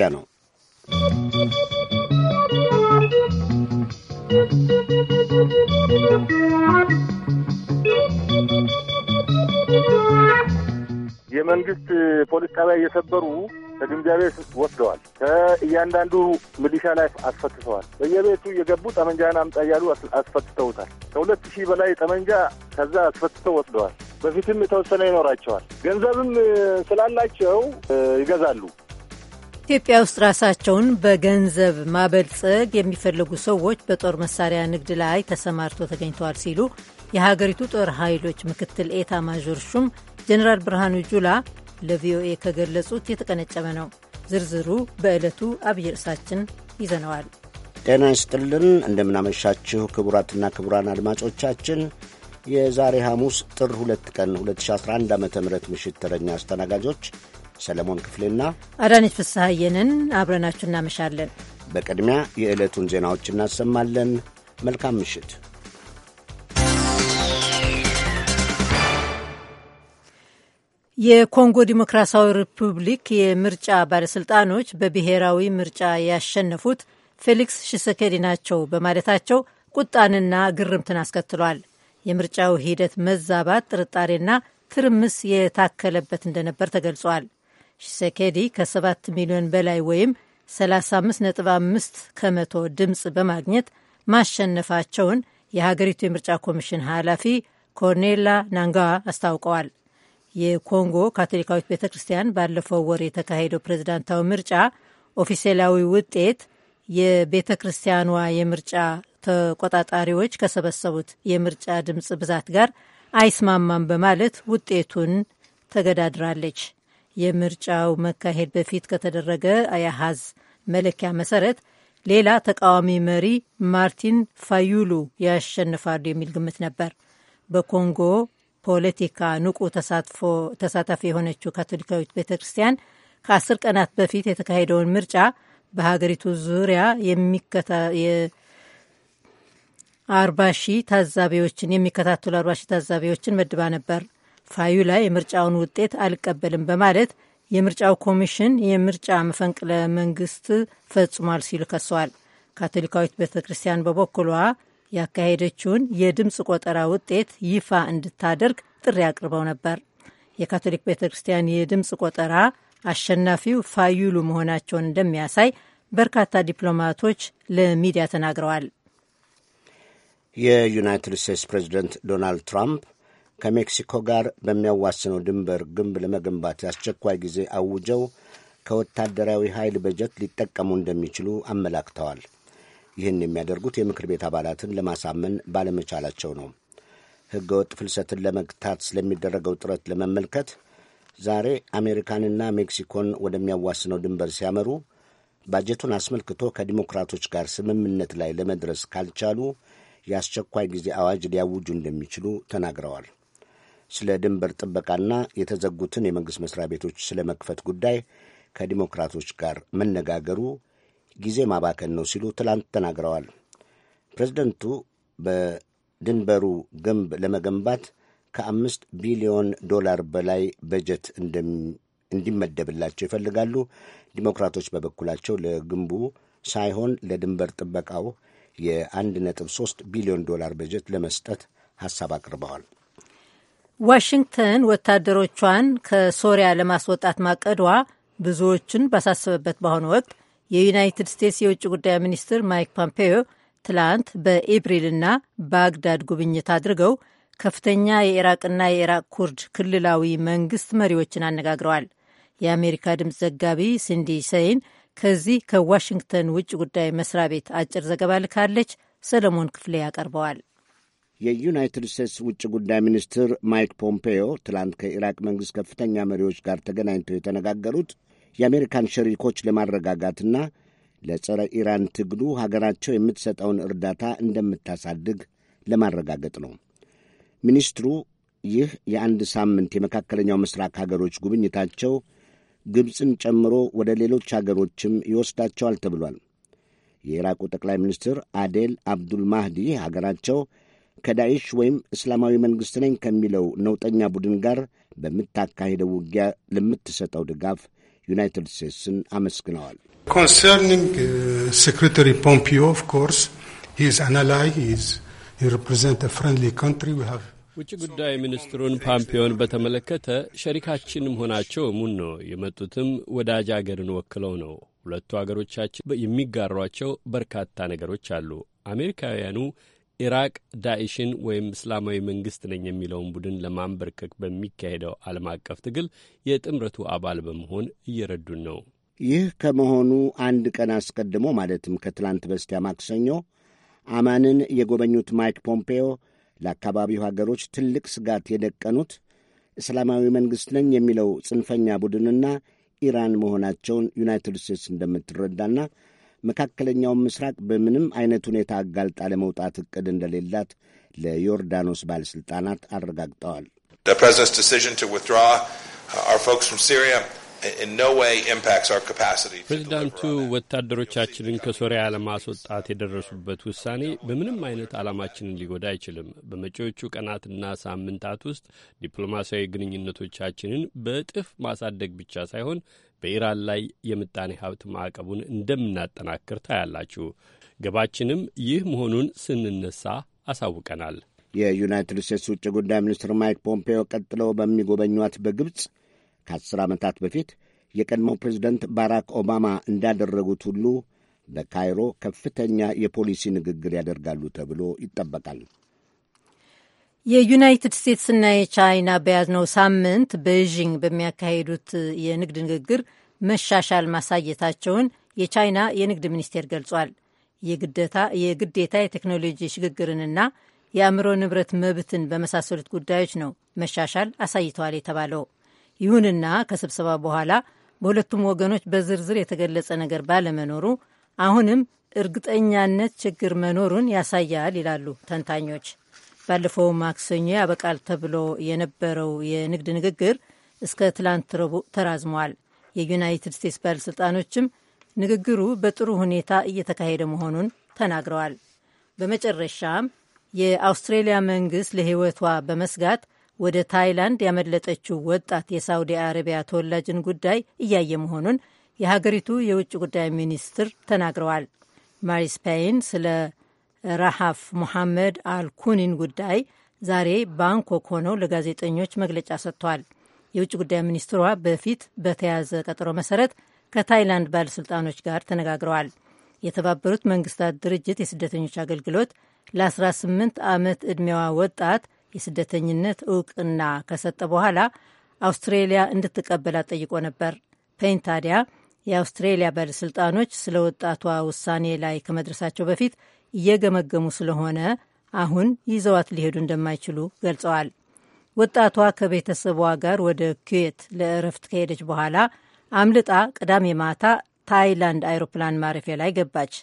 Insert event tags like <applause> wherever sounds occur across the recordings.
ያ ነው። የመንግስት ፖሊስ ጣቢያ እየሰበሩ ከግምጃ ቤት ወስደዋል። ከእያንዳንዱ ሚሊሻ ላይ አስፈትተዋል። በየቤቱ እየገቡ ጠመንጃን አምጣ እያሉ አስፈትተውታል። ከሁለት ሺህ በላይ ጠመንጃ ከዛ አስፈትተው ወስደዋል። በፊትም የተወሰነ ይኖራቸዋል። ገንዘብም ስላላቸው ይገዛሉ። ኢትዮጵያ ውስጥ ራሳቸውን በገንዘብ ማበልጸግ የሚፈልጉ ሰዎች በጦር መሳሪያ ንግድ ላይ ተሰማርተው ተገኝተዋል ሲሉ የሀገሪቱ ጦር ኃይሎች ምክትል ኤታ ማዦር ሹም ጀኔራል ብርሃኑ ጁላ ለቪኦኤ ከገለጹት የተቀነጨበ ነው። ዝርዝሩ በዕለቱ አብይ ርዕሳችን ይዘነዋል። ጤና ይስጥልን፣ እንደምናመሻችሁ ክቡራትና ክቡራን አድማጮቻችን የዛሬ ሐሙስ ጥር 2 ቀን 2011 ዓ ም ምሽት ተረኛ አስተናጋጆች ሰለሞን ክፍሌና አዳነች ፍስሐየንን አብረናችሁ እናመሻለን። በቅድሚያ የዕለቱን ዜናዎች እናሰማለን። መልካም ምሽት። የኮንጎ ዲሞክራሲያዊ ሪፑብሊክ የምርጫ ባለሥልጣኖች በብሔራዊ ምርጫ ያሸነፉት ፌሊክስ ሽሰኬዲ ናቸው በማለታቸው ቁጣንና ግርምትን አስከትሏል። የምርጫው ሂደት መዛባት ጥርጣሬና ትርምስ የታከለበት እንደነበር ተገልጿል። ሺሴኬዲ ከ7 ሚሊዮን በላይ ወይም 35.5 ከመቶ ድምፅ በማግኘት ማሸነፋቸውን የሀገሪቱ የምርጫ ኮሚሽን ኃላፊ ኮርኔላ ናንጋዋ አስታውቀዋል። የኮንጎ ካቶሊካዊት ቤተ ክርስቲያን ባለፈው ወር የተካሄደው ፕሬዝዳንታዊ ምርጫ ኦፊሴላዊ ውጤት የቤተ ክርስቲያኗ የምርጫ ተቆጣጣሪዎች ከሰበሰቡት የምርጫ ድምፅ ብዛት ጋር አይስማማም በማለት ውጤቱን ተገዳድራለች። የምርጫው መካሄድ በፊት ከተደረገ አያሃዝ መለኪያ መሰረት ሌላ ተቃዋሚ መሪ ማርቲን ፋዩሉ ያሸንፋሉ የሚል ግምት ነበር። በኮንጎ ፖለቲካ ንቁ ተሳታፊ የሆነችው ካቶሊካዊት ቤተ ክርስቲያን ከአስር ቀናት በፊት የተካሄደውን ምርጫ በሀገሪቱ ዙሪያ የሚከታ አርባ ሺህ ታዛቢዎችን የሚከታተሉ አርባ ሺህ ታዛቢዎችን መድባ ነበር። ፋዩላ የምርጫውን ውጤት አልቀበልም በማለት የምርጫው ኮሚሽን የምርጫ መፈንቅለ መንግስት ፈጽሟል ሲሉ ከሰዋል። ካቶሊካዊት ቤተ ክርስቲያን በበኩሏ ያካሄደችውን የድምፅ ቆጠራ ውጤት ይፋ እንድታደርግ ጥሪ አቅርበው ነበር። የካቶሊክ ቤተ ክርስቲያን የድምፅ ቆጠራ አሸናፊው ፋዩሉ መሆናቸውን እንደሚያሳይ በርካታ ዲፕሎማቶች ለሚዲያ ተናግረዋል። የዩናይትድ ስቴትስ ፕሬዚደንት ዶናልድ ትራምፕ ከሜክሲኮ ጋር በሚያዋስነው ድንበር ግንብ ለመገንባት የአስቸኳይ ጊዜ አውጀው ከወታደራዊ ኃይል በጀት ሊጠቀሙ እንደሚችሉ አመላክተዋል። ይህን የሚያደርጉት የምክር ቤት አባላትን ለማሳመን ባለመቻላቸው ነው። ህገወጥ ፍልሰትን ለመግታት ስለሚደረገው ጥረት ለመመልከት ዛሬ አሜሪካንና ሜክሲኮን ወደሚያዋስነው ድንበር ሲያመሩ ባጀቱን አስመልክቶ ከዲሞክራቶች ጋር ስምምነት ላይ ለመድረስ ካልቻሉ የአስቸኳይ ጊዜ አዋጅ ሊያውጁ እንደሚችሉ ተናግረዋል። ስለ ድንበር ጥበቃና የተዘጉትን የመንግሥት መስሪያ ቤቶች ስለ መክፈት ጉዳይ ከዲሞክራቶች ጋር መነጋገሩ ጊዜ ማባከን ነው ሲሉ ትላንት ተናግረዋል። ፕሬዚደንቱ በድንበሩ ግንብ ለመገንባት ከአምስት ቢሊዮን ዶላር በላይ በጀት እንዲመደብላቸው ይፈልጋሉ። ዲሞክራቶች በበኩላቸው ለግንቡ ሳይሆን ለድንበር ጥበቃው የ1.3 ቢሊዮን ዶላር በጀት ለመስጠት ሐሳብ አቅርበዋል። ዋሽንግተን ወታደሮቿን ከሶሪያ ለማስወጣት ማቀዷ ብዙዎችን ባሳሰበበት በአሁኑ ወቅት የዩናይትድ ስቴትስ የውጭ ጉዳይ ሚኒስትር ማይክ ፖምፔዮ ትላንት በኤፕሪልና ባግዳድ ጉብኝት አድርገው ከፍተኛ የኢራቅና የኢራቅ ኩርድ ክልላዊ መንግስት መሪዎችን አነጋግረዋል። የአሜሪካ ድምፅ ዘጋቢ ሲንዲ ሰይን ከዚህ ከዋሽንግተን ውጭ ጉዳይ መስሪያ ቤት አጭር ዘገባ ልካለች። ሰለሞን ክፍሌ ያቀርበዋል። የዩናይትድ ስቴትስ ውጭ ጉዳይ ሚኒስትር ማይክ ፖምፔዮ ትላንት ከኢራቅ መንግሥት ከፍተኛ መሪዎች ጋር ተገናኝተው የተነጋገሩት የአሜሪካን ሸሪኮች ለማረጋጋትና ለጸረ ኢራን ትግሉ ሀገራቸው የምትሰጠውን እርዳታ እንደምታሳድግ ለማረጋገጥ ነው። ሚኒስትሩ ይህ የአንድ ሳምንት የመካከለኛው ምስራቅ ሀገሮች ጉብኝታቸው ግብፅን ጨምሮ ወደ ሌሎች ሀገሮችም ይወስዳቸዋል ተብሏል። የኢራቁ ጠቅላይ ሚኒስትር አዴል አብዱል ማህዲ ሀገራቸው ከዳይሽ ወይም እስላማዊ መንግሥት ነኝ ከሚለው ነውጠኛ ቡድን ጋር በምታካሄደው ውጊያ ለምትሰጠው ድጋፍ ዩናይትድ ስቴትስን አመስግነዋል። ኮንሰርኒንግ ሴክሬታሪ ፖምፒዮ ኦፍ ኮርስ ሂዝ አናላይ ሂዝ ሪፕሬዘንት ፍሬንድሊ ካንትሪ ዊ ሃቭ ውጭ ጉዳይ ሚኒስትሩን ፓምፒዮን በተመለከተ ሸሪካችን መሆናቸው እሙን ነው። የመጡትም ወዳጅ አገርን ወክለው ነው። ሁለቱ አገሮቻችን የሚጋሯቸው በርካታ ነገሮች አሉ። አሜሪካውያኑ ኢራቅ ዳኢሽን ወይም እስላማዊ መንግስት ነኝ የሚለውን ቡድን ለማንበርከክ በሚካሄደው ዓለም አቀፍ ትግል የጥምረቱ አባል በመሆን እየረዱን ነው። ይህ ከመሆኑ አንድ ቀን አስቀድሞ ማለትም ከትላንት በስቲያ ማክሰኞ አማንን የጎበኙት ማይክ ፖምፔዮ ለአካባቢው ሀገሮች ትልቅ ስጋት የደቀኑት እስላማዊ መንግሥት ነኝ የሚለው ጽንፈኛ ቡድንና ኢራን መሆናቸውን ዩናይትድ ስቴትስ እንደምትረዳና መካከለኛውን ምስራቅ በምንም አይነት ሁኔታ አጋልጣ ለመውጣት እቅድ እንደሌላት ለዮርዳኖስ ባለሥልጣናት አረጋግጠዋል። uh, ፕሬዚዳንቱ ወታደሮቻችንን ከሶሪያ ለማስወጣት የደረሱበት ውሳኔ በምንም አይነት ዓላማችንን ሊጎዳ አይችልም። በመጪዎቹ ቀናትና ሳምንታት ውስጥ ዲፕሎማሲያዊ ግንኙነቶቻችንን በእጥፍ ማሳደግ ብቻ ሳይሆን በኢራን ላይ የምጣኔ ሀብት ማዕቀቡን እንደምናጠናክር ታያላችሁ። ገባችንም ይህ መሆኑን ስንነሳ አሳውቀናል። የዩናይትድ ስቴትስ ውጭ ጉዳይ ሚኒስትር ማይክ ፖምፔዮ ቀጥለው በሚጎበኟት በግብፅ ከአስር ዓመታት በፊት የቀድሞው ፕሬዚደንት ባራክ ኦባማ እንዳደረጉት ሁሉ በካይሮ ከፍተኛ የፖሊሲ ንግግር ያደርጋሉ ተብሎ ይጠበቃል። የዩናይትድ ስቴትስና የቻይና በያዝነው ሳምንት ቤይዥንግ በሚያካሂዱት የንግድ ንግግር መሻሻል ማሳየታቸውን የቻይና የንግድ ሚኒስቴር ገልጿል። የግዴታ የቴክኖሎጂ ሽግግርንና የአእምሮ ንብረት መብትን በመሳሰሉት ጉዳዮች ነው መሻሻል አሳይተዋል የተባለው። ይሁንና ከስብሰባ በኋላ በሁለቱም ወገኖች በዝርዝር የተገለጸ ነገር ባለመኖሩ አሁንም እርግጠኛነት ችግር መኖሩን ያሳያል ይላሉ ተንታኞች። ባለፈው ማክሰኞ ያበቃል ተብሎ የነበረው የንግድ ንግግር እስከ ትላንት ረቡዕ ተራዝሟል። የዩናይትድ ስቴትስ ባለሥልጣኖችም ንግግሩ በጥሩ ሁኔታ እየተካሄደ መሆኑን ተናግረዋል። በመጨረሻም የአውስትሬሊያ መንግሥት ለሕይወቷ በመስጋት ወደ ታይላንድ ያመለጠችው ወጣት የሳውዲ አረቢያ ተወላጅን ጉዳይ እያየ መሆኑን የሀገሪቱ የውጭ ጉዳይ ሚኒስትር ተናግረዋል። ማሪስ ፓይን ስለ ረሃፍ ሙሐመድ አልኩኒን ጉዳይ ዛሬ ባንኮክ ሆነው ለጋዜጠኞች መግለጫ ሰጥተዋል። የውጭ ጉዳይ ሚኒስትሯ በፊት በተያዘ ቀጠሮ መሰረት ከታይላንድ ባለሥልጣኖች ጋር ተነጋግረዋል። የተባበሩት መንግስታት ድርጅት የስደተኞች አገልግሎት ለ18 ዓመት ዕድሜዋ ወጣት የስደተኝነት እውቅና ከሰጠ በኋላ አውስትሬሊያ እንድትቀበላት ጠይቆ ነበር። ፔን ታዲያ የአውስትሬሊያ ባለሥልጣኖች ስለ ወጣቷ ውሳኔ ላይ ከመድረሳቸው በፊት እየገመገሙ ስለሆነ አሁን ይዘዋት ሊሄዱ እንደማይችሉ ገልጸዋል። ወጣቷ ከቤተሰቧ ጋር ወደ ኩዌት ለእረፍት ከሄደች በኋላ አምልጣ ቅዳሜ ማታ ታይላንድ አይሮፕላን ማረፊያ ላይ ገባች።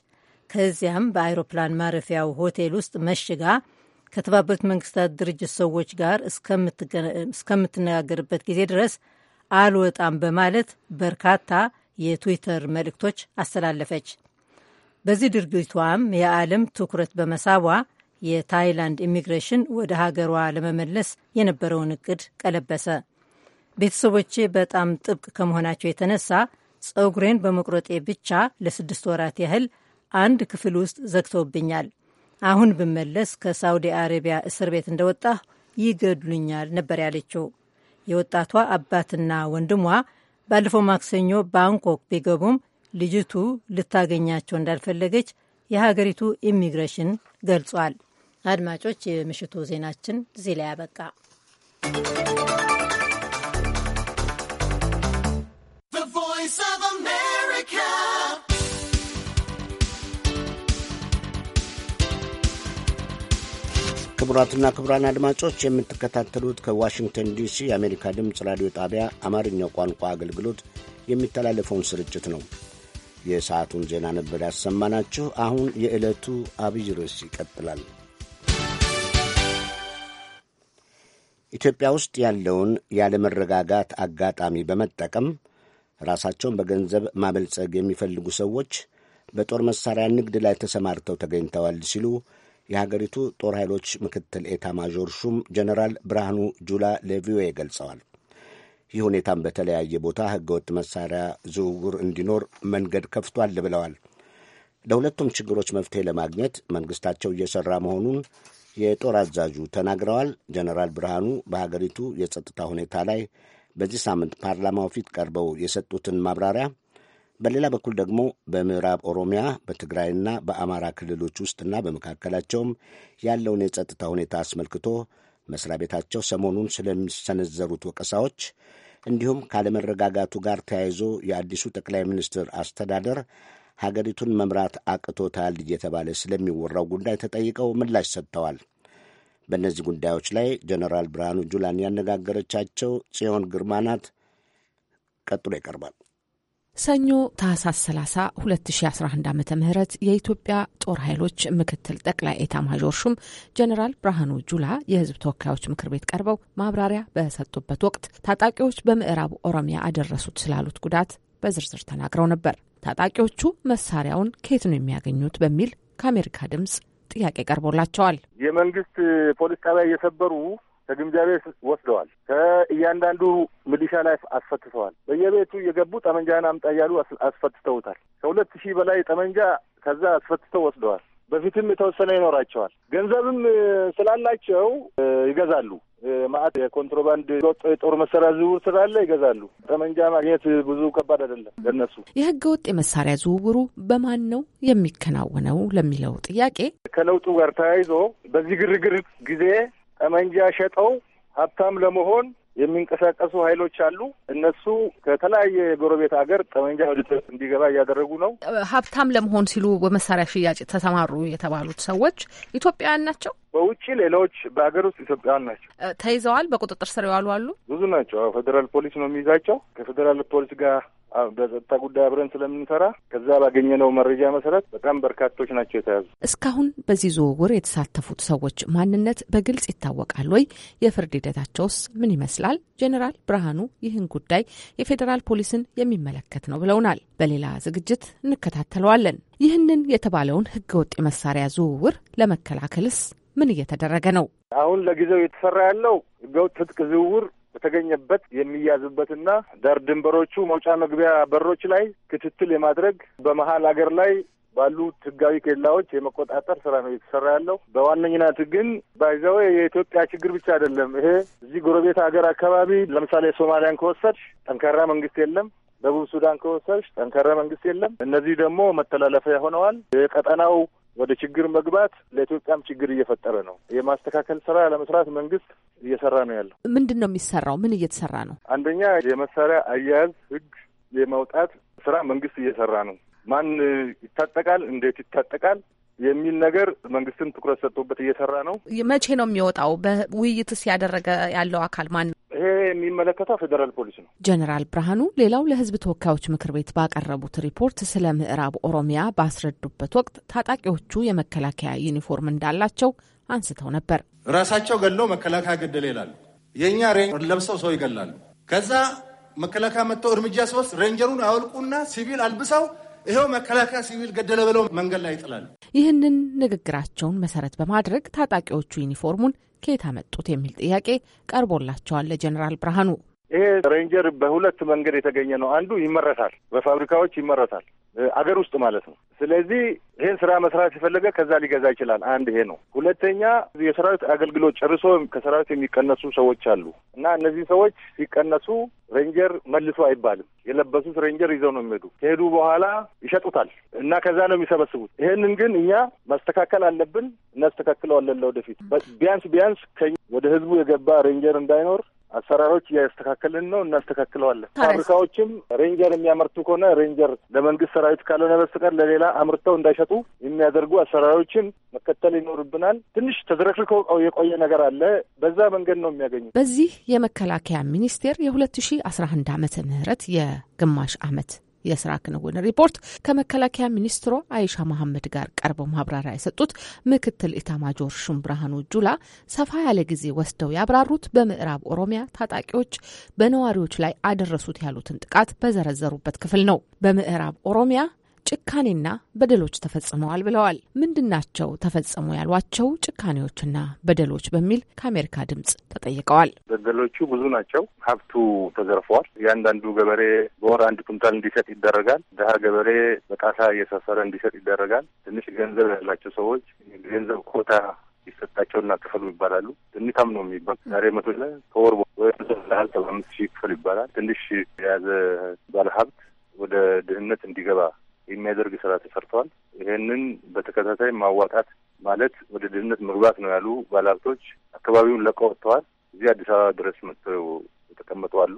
ከዚያም በአይሮፕላን ማረፊያው ሆቴል ውስጥ መሽጋ ከተባበሩት መንግስታት ድርጅት ሰዎች ጋር እስከምትነጋገርበት ጊዜ ድረስ አልወጣም በማለት በርካታ የትዊተር መልእክቶች አስተላለፈች። በዚህ ድርጊቷም የዓለም ትኩረት በመሳቧ የታይላንድ ኢሚግሬሽን ወደ ሀገሯ ለመመለስ የነበረውን እቅድ ቀለበሰ። ቤተሰቦቼ በጣም ጥብቅ ከመሆናቸው የተነሳ ጸጉሬን በመቁረጤ ብቻ ለስድስት ወራት ያህል አንድ ክፍል ውስጥ ዘግተውብኛል። አሁን ብመለስ ከሳውዲ አረቢያ እስር ቤት እንደወጣሁ ይገድሉኛል ነበር ያለችው። የወጣቷ አባትና ወንድሟ ባለፈው ማክሰኞ ባንኮክ ቢገቡም ልጅቱ ልታገኛቸው እንዳልፈለገች የሀገሪቱ ኢሚግሬሽን ገልጿል። አድማጮች፣ የምሽቱ ዜናችን እዚህ ላይ አበቃ። ክቡራትና ክቡራን አድማጮች የምትከታተሉት ከዋሽንግተን ዲሲ የአሜሪካ ድምፅ ራዲዮ ጣቢያ አማርኛው ቋንቋ አገልግሎት የሚተላለፈውን ስርጭት ነው። የሰዓቱን ዜና ነበር ያሰማናችሁ። አሁን የዕለቱ አብይ ርዕስ ይቀጥላል። ኢትዮጵያ ውስጥ ያለውን ያለመረጋጋት አጋጣሚ በመጠቀም ራሳቸውን በገንዘብ ማበልጸግ የሚፈልጉ ሰዎች በጦር መሳሪያ ንግድ ላይ ተሰማርተው ተገኝተዋል ሲሉ የሀገሪቱ ጦር ኃይሎች ምክትል ኤታ ማዦር ሹም ጀነራል ብርሃኑ ጁላ ለቪኦኤ ገልጸዋል። ይህ ሁኔታም በተለያየ ቦታ ህገወጥ መሳሪያ ዝውውር እንዲኖር መንገድ ከፍቷል ብለዋል። ለሁለቱም ችግሮች መፍትሄ ለማግኘት መንግስታቸው እየሠራ መሆኑን የጦር አዛዡ ተናግረዋል። ጀነራል ብርሃኑ በሀገሪቱ የጸጥታ ሁኔታ ላይ በዚህ ሳምንት ፓርላማው ፊት ቀርበው የሰጡትን ማብራሪያ በሌላ በኩል ደግሞ በምዕራብ ኦሮሚያ በትግራይና በአማራ ክልሎች ውስጥና በመካከላቸውም ያለውን የጸጥታ ሁኔታ አስመልክቶ መስሪያ ቤታቸው ሰሞኑን ስለሚሰነዘሩት ወቀሳዎች እንዲሁም ካለመረጋጋቱ ጋር ተያይዞ የአዲሱ ጠቅላይ ሚኒስትር አስተዳደር ሀገሪቱን መምራት አቅቶታል እየተባለ ስለሚወራው ጉዳይ ተጠይቀው ምላሽ ሰጥተዋል። በእነዚህ ጉዳዮች ላይ ጀነራል ብርሃኑ ጁላን ያነጋገረቻቸው ጽዮን ግርማ ናት። ቀጥሎ ይቀርባል። ሰኞ ታህሳስ 30 2011 ዓ ም የኢትዮጵያ ጦር ኃይሎች ምክትል ጠቅላይ ኤታማዦር ሹም ጀኔራል ብርሃኑ ጁላ የሕዝብ ተወካዮች ምክር ቤት ቀርበው ማብራሪያ በሰጡበት ወቅት ታጣቂዎች በምዕራብ ኦሮሚያ አደረሱት ስላሉት ጉዳት በዝርዝር ተናግረው ነበር። ታጣቂዎቹ መሳሪያውን ከየት ነው የሚያገኙት በሚል ከአሜሪካ ድምፅ ጥያቄ ቀርቦላቸዋል። የመንግስት ፖሊስ ጣቢያ እየሰበሩ ከግምጃ ቤት ወስደዋል። ከእያንዳንዱ ሚሊሻ ላይ አስፈትተዋል። በየቤቱ እየገቡ ጠመንጃህን አምጣ እያሉ አስፈትተውታል። ከሁለት ሺህ በላይ ጠመንጃ ከዛ አስፈትተው ወስደዋል። በፊትም የተወሰነ ይኖራቸዋል። ገንዘብም ስላላቸው ይገዛሉ። ማአት የኮንትሮባንድ ጦር መሳሪያ ዝውውር ስላለ ይገዛሉ። ጠመንጃ ማግኘት ብዙ ከባድ አይደለም ለነሱ። የህገ ወጥ የመሳሪያ ዝውውሩ በማን ነው የሚከናወነው ለሚለው ጥያቄ ከለውጡ ጋር ተያይዞ በዚህ ግርግር ጊዜ ጠመንጃ ሸጠው ሀብታም ለመሆን የሚንቀሳቀሱ ኃይሎች አሉ። እነሱ ከተለያየ የጎረቤት ሀገር ጠመንጃ ወደት እንዲገባ እያደረጉ ነው። ሀብታም ለመሆን ሲሉ በመሳሪያ ሽያጭ ተሰማሩ የተባሉት ሰዎች ኢትዮጵያውያን ናቸው። በውጭ ሌሎች በሀገር ውስጥ ኢትዮጵያውያን ናቸው። ተይዘዋል። በቁጥጥር ስር የዋሉ አሉ። ብዙ ናቸው። ፌዴራል ፖሊስ ነው የሚይዛቸው። ከፌዴራል ፖሊስ ጋር በጸጥታ ጉዳይ አብረን ስለምንሰራ ከዛ ባገኘነው መረጃ መሰረት በጣም በርካቶች ናቸው የተያዙ። እስካሁን በዚህ ዝውውር የተሳተፉት ሰዎች ማንነት በግልጽ ይታወቃል ወይ? የፍርድ ሂደታቸውስ ምን ይመስላል? ጄኔራል ብርሃኑ ይህን ጉዳይ የፌዴራል ፖሊስን የሚመለከት ነው ብለውናል። በሌላ ዝግጅት እንከታተለዋለን። ይህንን የተባለውን ህገወጥ የመሳሪያ ዝውውር ለመከላከልስ ምን እየተደረገ ነው? አሁን ለጊዜው እየተሰራ ያለው ህገወጥ ትጥቅ ዝውውር በተገኘበት የሚያዝበትና ዳር ድንበሮቹ መውጫ መግቢያ በሮች ላይ ክትትል የማድረግ በመሀል አገር ላይ ባሉት ህጋዊ ኬላዎች የመቆጣጠር ስራ ነው እየተሰራ ያለው። በዋነኝነት ግን ባይዘዌ የኢትዮጵያ ችግር ብቻ አይደለም። ይሄ እዚህ ጎረቤት ሀገር አካባቢ ለምሳሌ ሶማሊያን ከወሰድሽ ጠንካራ መንግስት የለም። ደቡብ ሱዳን ከወሰድሽ ጠንካራ መንግስት የለም። እነዚህ ደግሞ መተላለፊያ ሆነዋል። የቀጠናው ወደ ችግር መግባት ለኢትዮጵያም ችግር እየፈጠረ ነው። የማስተካከል ስራ ለመስራት መንግስት እየሰራ ነው ያለው። ምንድን ነው የሚሰራው? ምን እየተሰራ ነው? አንደኛ የመሳሪያ አያያዝ ህግ የማውጣት ስራ መንግስት እየሰራ ነው። ማን ይታጠቃል፣ እንዴት ይታጠቃል፣ የሚል ነገር መንግስትም ትኩረት ሰጥቶበት እየሰራ ነው። መቼ ነው የሚወጣው? በውይይትስ ያደረገ ያለው አካል ማን ነው? ይሄ የሚመለከተው ፌዴራል ፖሊስ ነው። ጀኔራል ብርሃኑ ሌላው ለህዝብ ተወካዮች ምክር ቤት ባቀረቡት ሪፖርት ስለ ምዕራብ ኦሮሚያ ባስረዱበት ወቅት ታጣቂዎቹ የመከላከያ ዩኒፎርም እንዳላቸው አንስተው ነበር። ራሳቸው ገድለው መከላከያ ገደለ ይላሉ። የእኛ ሬንጀር ለብሰው ሰው ይገላሉ። ከዛ መከላከያ መጥተው እርምጃ ሶስት ሬንጀሩን አወልቁና ሲቪል አልብሰው ይኸው መከላከያ ሲቪል ገደለ ብለው መንገድ ላይ ይጥላል። ይህንን ንግግራቸውን መሰረት በማድረግ ታጣቂዎቹ ዩኒፎርሙን ከየት አመጡት የሚል ጥያቄ ቀርቦላቸዋል ለጀኔራል ብርሃኑ። ይሄ ሬንጀር በሁለት መንገድ የተገኘ ነው። አንዱ ይመረታል፣ በፋብሪካዎች ይመረታል። አገር ውስጥ ማለት ነው። ስለዚህ ይህን ስራ መስራት የፈለገ ከዛ ሊገዛ ይችላል። አንድ ይሄ ነው። ሁለተኛ የሰራዊት አገልግሎት ጨርሶ ከሰራዊት የሚቀነሱ ሰዎች አሉ እና እነዚህ ሰዎች ሲቀነሱ ሬንጀር መልሶ አይባልም። የለበሱት ሬንጀር ይዘው ነው የሚሄዱ። ከሄዱ በኋላ ይሸጡታል እና ከዛ ነው የሚሰበስቡት። ይሄንን ግን እኛ ማስተካከል አለብን፣ እናስተካክለዋለን። ለወደፊት ቢያንስ ቢያንስ ወደ ህዝቡ የገባ ሬንጀር እንዳይኖር አሰራሮች እያስተካከልን ነው፣ እናስተካክለዋለን። ፋብሪካዎችም ሬንጀር የሚያመርቱ ከሆነ ሬንጀር ለመንግስት ሰራዊት ካልሆነ በስተቀር ለሌላ አምርተው እንዳይሸጡ የሚያደርጉ አሰራሮችን መከተል ይኖርብናል። ትንሽ ተዝረክርኮ የቆየ ነገር አለ። በዛ መንገድ ነው የሚያገኙ። በዚህ የመከላከያ ሚኒስቴር የ2011 ዓመተ ምህረት የግማሽ ዓመት የስራ ክንውን ሪፖርት ከመከላከያ ሚኒስትሯ አይሻ መሐመድ ጋር ቀርበው ማብራሪያ የሰጡት ምክትል ኢታማጆር ሹም ብርሃኑ ጁላ ሰፋ ያለ ጊዜ ወስደው ያብራሩት በምዕራብ ኦሮሚያ ታጣቂዎች በነዋሪዎች ላይ አደረሱት ያሉትን ጥቃት በዘረዘሩበት ክፍል ነው። በምዕራብ ኦሮሚያ ጭካኔና በደሎች ተፈጽመዋል ብለዋል። ምንድናቸው ተፈጸሙ ያሏቸው ጭካኔዎችና በደሎች በሚል ከአሜሪካ ድምጽ ተጠይቀዋል። በደሎቹ ብዙ ናቸው። ሀብቱ ተዘርፈዋል። የአንዳንዱ ገበሬ በወር አንድ ኩንታል እንዲሰጥ ይደረጋል። ድሀ ገበሬ በጣሳ እየሰፈረ እንዲሰጥ ይደረጋል። ትንሽ ገንዘብ ያላቸው ሰዎች ገንዘብ ኮታ ይሰጣቸውና ክፈሉ ይባላሉ። ትንታም ነው የሚባል ዛሬ መቶ ከወር ወይምሰል ሰባ አምስት ሺህ ክፈሉ ይባላል። ትንሽ የያዘ ባለሀብት ወደ ድህነት እንዲገባ የሚያደርግ ስራ ተሰርተዋል። ይህንን በተከታታይ ማዋጣት ማለት ወደ ድህነት መግባት ነው ያሉ ባለሀብቶች አካባቢውን ለቀው ወጥተዋል። እዚህ አዲስ አበባ ድረስ መጥተው የተቀመጡ አሉ።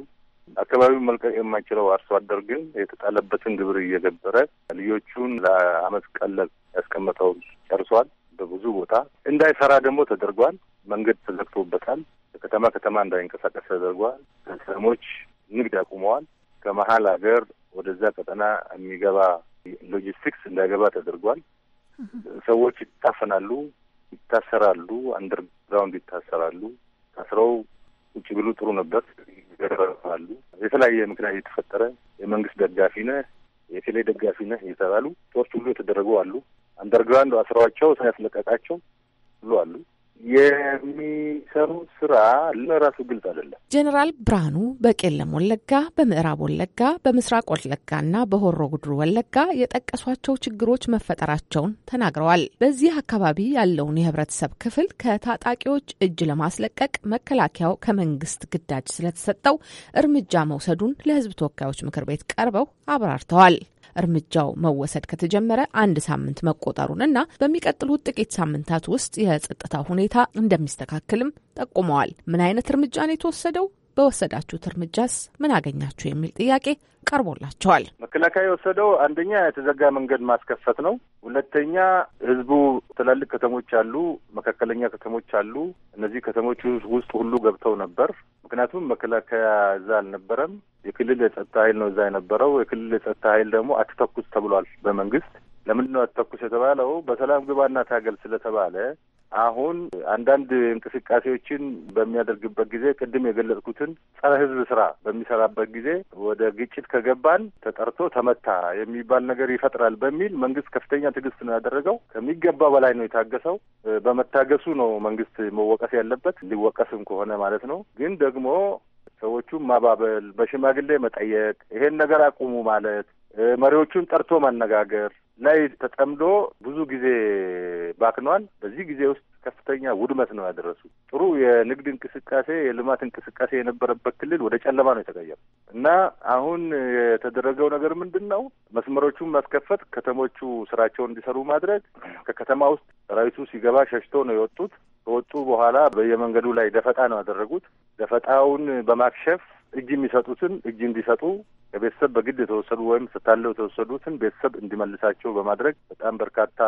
አካባቢውን መልቀቅ የማይችለው አርሶ አደር ግን የተጣለበትን ግብር እየገበረ ልጆቹን ለአመት ቀለብ ያስቀመጠው ጨርሷል። በብዙ ቦታ እንዳይሰራ ደግሞ ተደርጓል። መንገድ ተዘግቶበታል። ከተማ ከተማ እንዳይንቀሳቀስ ተደርጓል። ከተሞች ንግድ አቁመዋል። ከመሀል ሀገር ወደዛ ቀጠና የሚገባ ሎጂስቲክስ እንዳይገባ ተደርጓል። ሰዎች ይታፈናሉ፣ ይታሰራሉ፣ አንደርግራውንድ ይታሰራሉ። ታስረው ውጭ ብሉ ጥሩ ነበር ይገረሉ። የተለያየ ምክንያት የተፈጠረ የመንግስት ደጋፊ ነህ፣ የቴሌ ደጋፊ ነህ የተባሉ ሰዎች ሁሉ የተደረጉ አሉ። አንደርግራውንድ አስረዋቸው ሳያስለቀቃቸው ሁሉ አሉ። የሚሰሩት ስራ ለራሱ ግልጽ አይደለም። ጀኔራል ብርሃኑ በቄለም ወለጋ፣ በምዕራብ ወለጋ፣ በምስራቅ ወለጋና በሆሮ ጉድሩ ወለጋ የጠቀሷቸው ችግሮች መፈጠራቸውን ተናግረዋል። በዚህ አካባቢ ያለውን የህብረተሰብ ክፍል ከታጣቂዎች እጅ ለማስለቀቅ መከላከያው ከመንግስት ግዳጅ ስለተሰጠው እርምጃ መውሰዱን ለህዝብ ተወካዮች ምክር ቤት ቀርበው አብራርተዋል። እርምጃው መወሰድ ከተጀመረ አንድ ሳምንት መቆጠሩንና በሚቀጥሉት ጥቂት ሳምንታት ውስጥ የጸጥታ ሁኔታ እንደሚስተካከልም ጠቁመዋል። ምን አይነት እርምጃ ነው የተወሰደው? በወሰዳችሁት እርምጃስ ምን አገኛችሁ? የሚል ጥያቄ ቀርቦላቸዋል። መከላከያ የወሰደው አንደኛ የተዘጋ መንገድ ማስከፈት ነው። ሁለተኛ ህዝቡ ትላልቅ ከተሞች አሉ፣ መካከለኛ ከተሞች አሉ። እነዚህ ከተሞች ውስጥ ሁሉ ገብተው ነበር። ምክንያቱም መከላከያ እዛ አልነበረም። የክልል የጸጥታ ኃይል ነው እዛ የነበረው። የክልል የጸጥታ ኃይል ደግሞ አትተኩስ ተብሏል በመንግስት። ለምንድን ነው አትተኩስ የተባለው? በሰላም ግባና ታገል ስለተባለ አሁን አንዳንድ እንቅስቃሴዎችን በሚያደርግበት ጊዜ ቅድም የገለጽኩትን ጸረ ህዝብ ስራ በሚሰራበት ጊዜ ወደ ግጭት ከገባን ተጠርቶ ተመታ የሚባል ነገር ይፈጥራል በሚል መንግስት ከፍተኛ ትዕግስት ነው ያደረገው። ከሚገባ በላይ ነው የታገሰው። በመታገሱ ነው መንግስት መወቀስ ያለበት ሊወቀስም ከሆነ ማለት ነው። ግን ደግሞ ሰዎቹን ማባበል፣ በሽማግሌ መጠየቅ፣ ይሄን ነገር አቁሙ ማለት፣ መሪዎቹን ጠርቶ ማነጋገር ላይ ተጠምዶ ብዙ ጊዜ ባክኗል። በዚህ ጊዜ ውስጥ ከፍተኛ ውድመት ነው ያደረሱ። ጥሩ የንግድ እንቅስቃሴ፣ የልማት እንቅስቃሴ የነበረበት ክልል ወደ ጨለማ ነው የተቀየሩ እና አሁን የተደረገው ነገር ምንድን ነው? መስመሮቹን ማስከፈት፣ ከተሞቹ ስራቸውን እንዲሰሩ ማድረግ። ከከተማ ውስጥ ሰራዊቱ ሲገባ ሸሽቶ ነው የወጡት። ከወጡ በኋላ በየመንገዱ ላይ ደፈጣ ነው ያደረጉት። ደፈጣውን በማክሸፍ እጅ የሚሰጡትን እጅ እንዲሰጡ ከቤተሰብ በግድ የተወሰዱ ወይም ስታለው የተወሰዱትን ቤተሰብ እንዲመልሳቸው በማድረግ በጣም በርካታ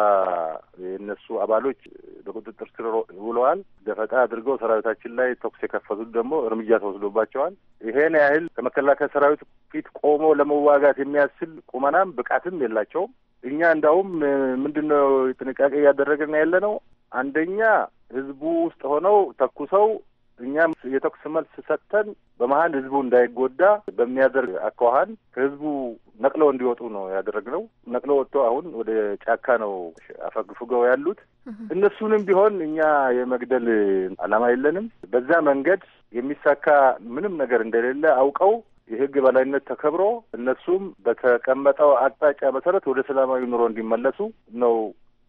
የእነሱ አባሎች በቁጥጥር ስር ውለዋል። ደፈጣ አድርገው ሰራዊታችን ላይ ተኩስ የከፈቱት ደግሞ እርምጃ ተወስዶባቸዋል። ይሄን ያህል ከመከላከያ ሰራዊት ፊት ቆሞ ለመዋጋት የሚያስችል ቁመናም ብቃትም የላቸውም። እኛ እንዳውም ምንድን ነው ጥንቃቄ እያደረግን ያለ ነው። አንደኛ ህዝቡ ውስጥ ሆነው ተኩሰው እኛም የተኩስ መልስ ሰጥተን በመሀል ህዝቡ እንዳይጎዳ በሚያደርግ አኳኋን ከህዝቡ ነቅሎ እንዲወጡ ነው ያደረግነው። ነቅሎ ወጥቶ አሁን ወደ ጫካ ነው አፈግፍገው ያሉት። እነሱንም ቢሆን እኛ የመግደል አላማ የለንም። በዛ መንገድ የሚሳካ ምንም ነገር እንደሌለ አውቀው የህግ በላይነት ተከብሮ እነሱም በተቀመጠው አቅጣጫ መሰረት ወደ ሰላማዊ ኑሮ እንዲመለሱ ነው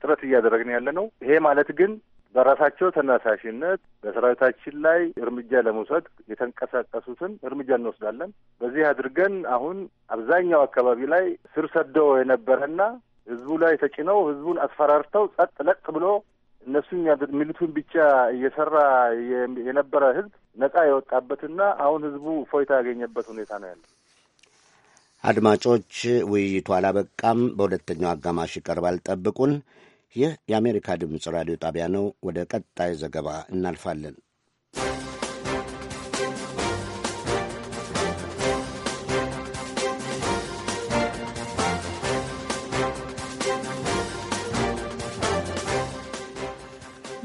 ጥረት እያደረግን ያለ ነው። ይሄ ማለት ግን በራሳቸው ተነሳሽነት በሰራዊታችን ላይ እርምጃ ለመውሰድ የተንቀሳቀሱትን እርምጃ እንወስዳለን። በዚህ አድርገን አሁን አብዛኛው አካባቢ ላይ ስር ሰደው የነበረና ህዝቡ ላይ ተጭነው ህዝቡን አስፈራርተው ጸጥ ለጥ ብሎ እነሱ የሚሉትን ብቻ እየሰራ የነበረ ህዝብ ነጻ የወጣበትና አሁን ህዝቡ እፎይታ ያገኘበት ሁኔታ ነው ያለ። አድማጮች፣ ውይይቱ አላበቃም። በሁለተኛው አጋማሽ ይቀርባል። ጠብቁን። ይህ የአሜሪካ ድምፅ ራዲዮ ጣቢያ ነው። ወደ ቀጣይ ዘገባ እናልፋለን።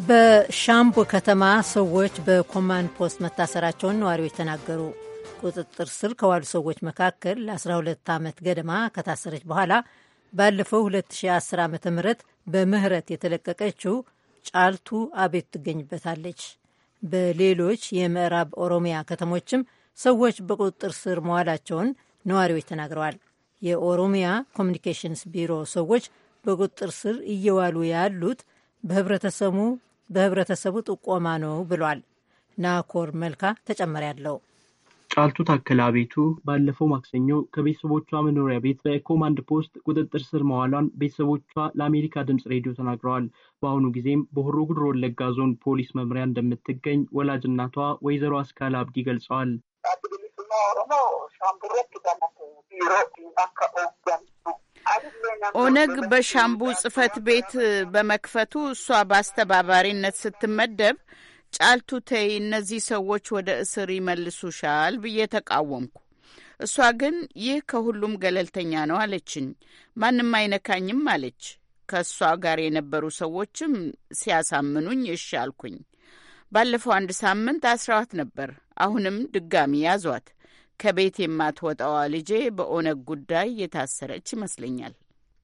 በሻምቡ ከተማ ሰዎች በኮማንድ ፖስት መታሰራቸውን ነዋሪዎች ተናገሩ። ቁጥጥር ስር ከዋሉ ሰዎች መካከል ለ12 ዓመት ገደማ ከታሰረች በኋላ ባለፈው 2010 ዓ ም በምህረት የተለቀቀችው ጫልቱ አቤት ትገኝበታለች። በሌሎች የምዕራብ ኦሮሚያ ከተሞችም ሰዎች በቁጥጥር ስር መዋላቸውን ነዋሪዎች ተናግረዋል። የኦሮሚያ ኮሚኒኬሽንስ ቢሮ ሰዎች በቁጥጥር ስር እየዋሉ ያሉት በህብረተሰቡ ጥቆማ ነው ብሏል። ናኮር መልካ ተጨማሪ አለው። ጫልቱ ታከለ አቤቱ ባለፈው ማክሰኞ ከቤተሰቦቿ መኖሪያ ቤት በኮማንድ ፖስት ቁጥጥር ስር መዋሏን ቤተሰቦቿ ለአሜሪካ ድምፅ ሬዲዮ ተናግረዋል። በአሁኑ ጊዜም በሆሮ ጉድሮ ወለጋ ዞን ፖሊስ መምሪያ እንደምትገኝ ወላጅ እናቷ ወይዘሮ አስካል አብዲ ገልጸዋል። ኦነግ በሻምቡ ጽህፈት ቤት በመክፈቱ እሷ በአስተባባሪነት ስትመደብ ጫልቱ ተይ እነዚህ ሰዎች ወደ እስር ይመልሱሻል ብዬ ተቃወምኩ። እሷ ግን ይህ ከሁሉም ገለልተኛ ነው አለችኝ። ማንም አይነካኝም አለች። ከእሷ ጋር የነበሩ ሰዎችም ሲያሳምኑኝ እሺ አልኩኝ። ባለፈው አንድ ሳምንት አስራዋት ነበር። አሁንም ድጋሚ ያዟት። ከቤት የማትወጣዋ ልጄ በኦነግ ጉዳይ የታሰረች ይመስለኛል።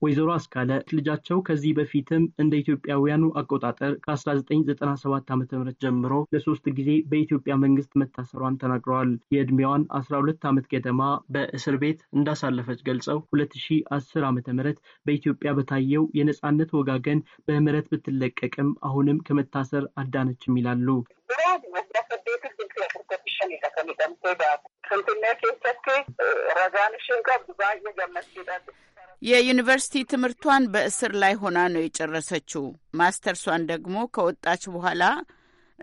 ወይዘሮ አስካለ ልጃቸው ከዚህ በፊትም እንደ ኢትዮጵያውያኑ አቆጣጠር ከ1997 ዓ ም ጀምሮ ለሶስት ጊዜ በኢትዮጵያ መንግስት መታሰሯን ተናግረዋል። የዕድሜዋን 12 ዓመት ገደማ በእስር ቤት እንዳሳለፈች ገልጸው 2010 ዓ ም በኢትዮጵያ በታየው የነፃነት ወጋገን በምህረት ብትለቀቅም አሁንም ከመታሰር አዳነችም ይላሉ። የዩኒቨርሲቲ ትምህርቷን በእስር ላይ ሆና ነው የጨረሰችው። ማስተርሷን ደግሞ ከወጣች በኋላ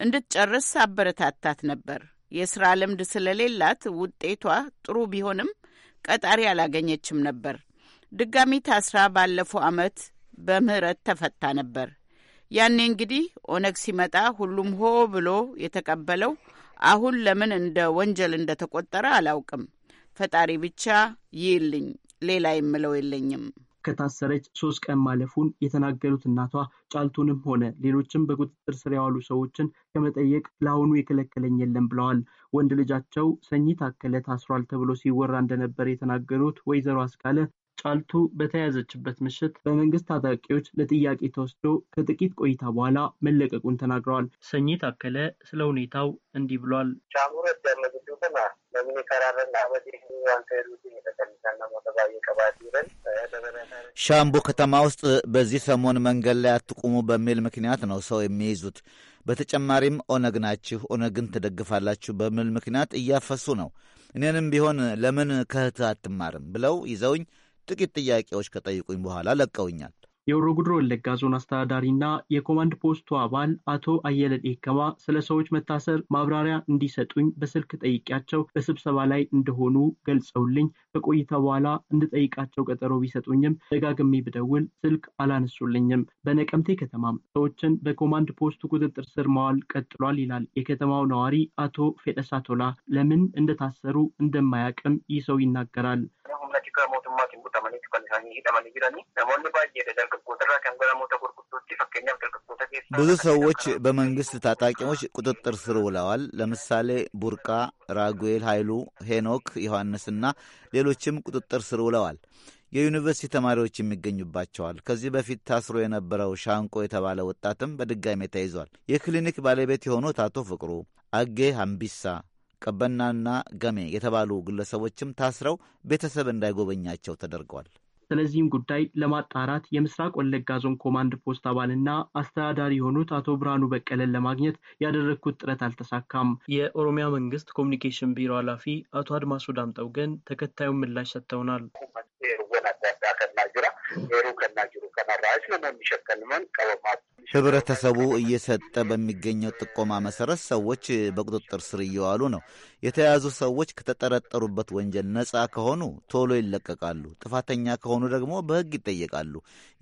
እንድትጨርስ አበረታታት ነበር። የስራ ልምድ ስለሌላት ውጤቷ ጥሩ ቢሆንም ቀጣሪ አላገኘችም ነበር። ድጋሚ ታስራ ባለፈው ዓመት በምህረት ተፈታ ነበር። ያኔ እንግዲህ ኦነግ ሲመጣ ሁሉም ሆ ብሎ የተቀበለው አሁን ለምን እንደ ወንጀል እንደተቆጠረ አላውቅም። ፈጣሪ ብቻ ይልኝ ሌላ የምለው የለኝም። ከታሰረች ሶስት ቀን ማለፉን የተናገሩት እናቷ ጫልቱንም ሆነ ሌሎችም በቁጥጥር ስር የዋሉ ሰዎችን ከመጠየቅ ለአሁኑ የከለከለኝ የለም ብለዋል። ወንድ ልጃቸው ሰኚ ታከለ ታስሯል ተብሎ ሲወራ እንደነበር የተናገሩት ወይዘሮ አስካለ ጫልቱ በተያዘችበት ምሽት በመንግስት ታጣቂዎች ለጥያቄ ተወስዶ ከጥቂት ቆይታ በኋላ መለቀቁን ተናግረዋል። ሰኚ ታከለ ስለ ሁኔታው እንዲህ ብሏል። ሻምቡ ከተማ ውስጥ በዚህ ሰሞን መንገድ ላይ አትቁሙ በሚል ምክንያት ነው ሰው የሚይዙት። በተጨማሪም ኦነግ ናችሁ፣ ኦነግን ትደግፋላችሁ በሚል ምክንያት እያፈሱ ነው። እኔንም ቢሆን ለምን ከእህትህ አትማርም ብለው ይዘውኝ ጥቂት ጥያቄዎች ከጠይቁኝ በኋላ ለቀውኛል። የሆሮ ጉድሮ ወለጋ ዞን አስተዳዳሪና የኮማንድ ፖስቱ አባል አቶ አየለ ዴከማ ስለ ሰዎች መታሰር ማብራሪያ እንዲሰጡኝ በስልክ ጠይቂያቸው በስብሰባ ላይ እንደሆኑ ገልጸውልኝ ከቆይታ በኋላ እንድጠይቃቸው ቀጠሮ ቢሰጡኝም ደጋግሜ ብደውል ስልክ አላነሱልኝም። በነቀምቴ ከተማም ሰዎችን በኮማንድ ፖስቱ ቁጥጥር ስር መዋል ቀጥሏል ይላል የከተማው ነዋሪ አቶ ፌደሳ ቶላ። ለምን እንደታሰሩ እንደማያቅም ይህ ሰው ይናገራል። ብዙ ሰዎች በመንግስት ታጣቂዎች ቁጥጥር ስር ውለዋል። ለምሳሌ ቡርቃ፣ ራጉኤል ኃይሉ፣ ሄኖክ ዮሐንስና ሌሎችም ቁጥጥር ስር ውለዋል። የዩኒቨርሲቲ ተማሪዎች የሚገኙባቸዋል። ከዚህ በፊት ታስሮ የነበረው ሻንቆ የተባለ ወጣትም በድጋሜ ተይዟል። የክሊኒክ ባለቤት የሆኑት አቶ ፍቅሩ አጌ ሀምቢሳ ቀበናና ገሜ የተባሉ ግለሰቦችም ታስረው ቤተሰብ እንዳይጎበኛቸው ተደርገዋል። ስለዚህም ጉዳይ ለማጣራት የምስራቅ ወለጋ ዞን ኮማንድ ፖስት አባልና አስተዳዳሪ የሆኑት አቶ ብርሃኑ በቀለን ለማግኘት ያደረግኩት ጥረት አልተሳካም። የኦሮሚያ መንግስት ኮሚኒኬሽን ቢሮ ኃላፊ አቶ አድማሱ ዳምጠው ግን ተከታዩን ምላሽ ሰጥተውናል። ህብረተሰቡ እየሰጠ በሚገኘው ጥቆማ መሰረት ሰዎች በቁጥጥር ስር እየዋሉ ነው። የተያዙ ሰዎች ከተጠረጠሩበት ወንጀል ነፃ ከሆኑ ቶሎ ይለቀቃሉ። ጥፋተኛ ከሆኑ ደግሞ በሕግ ይጠየቃሉ።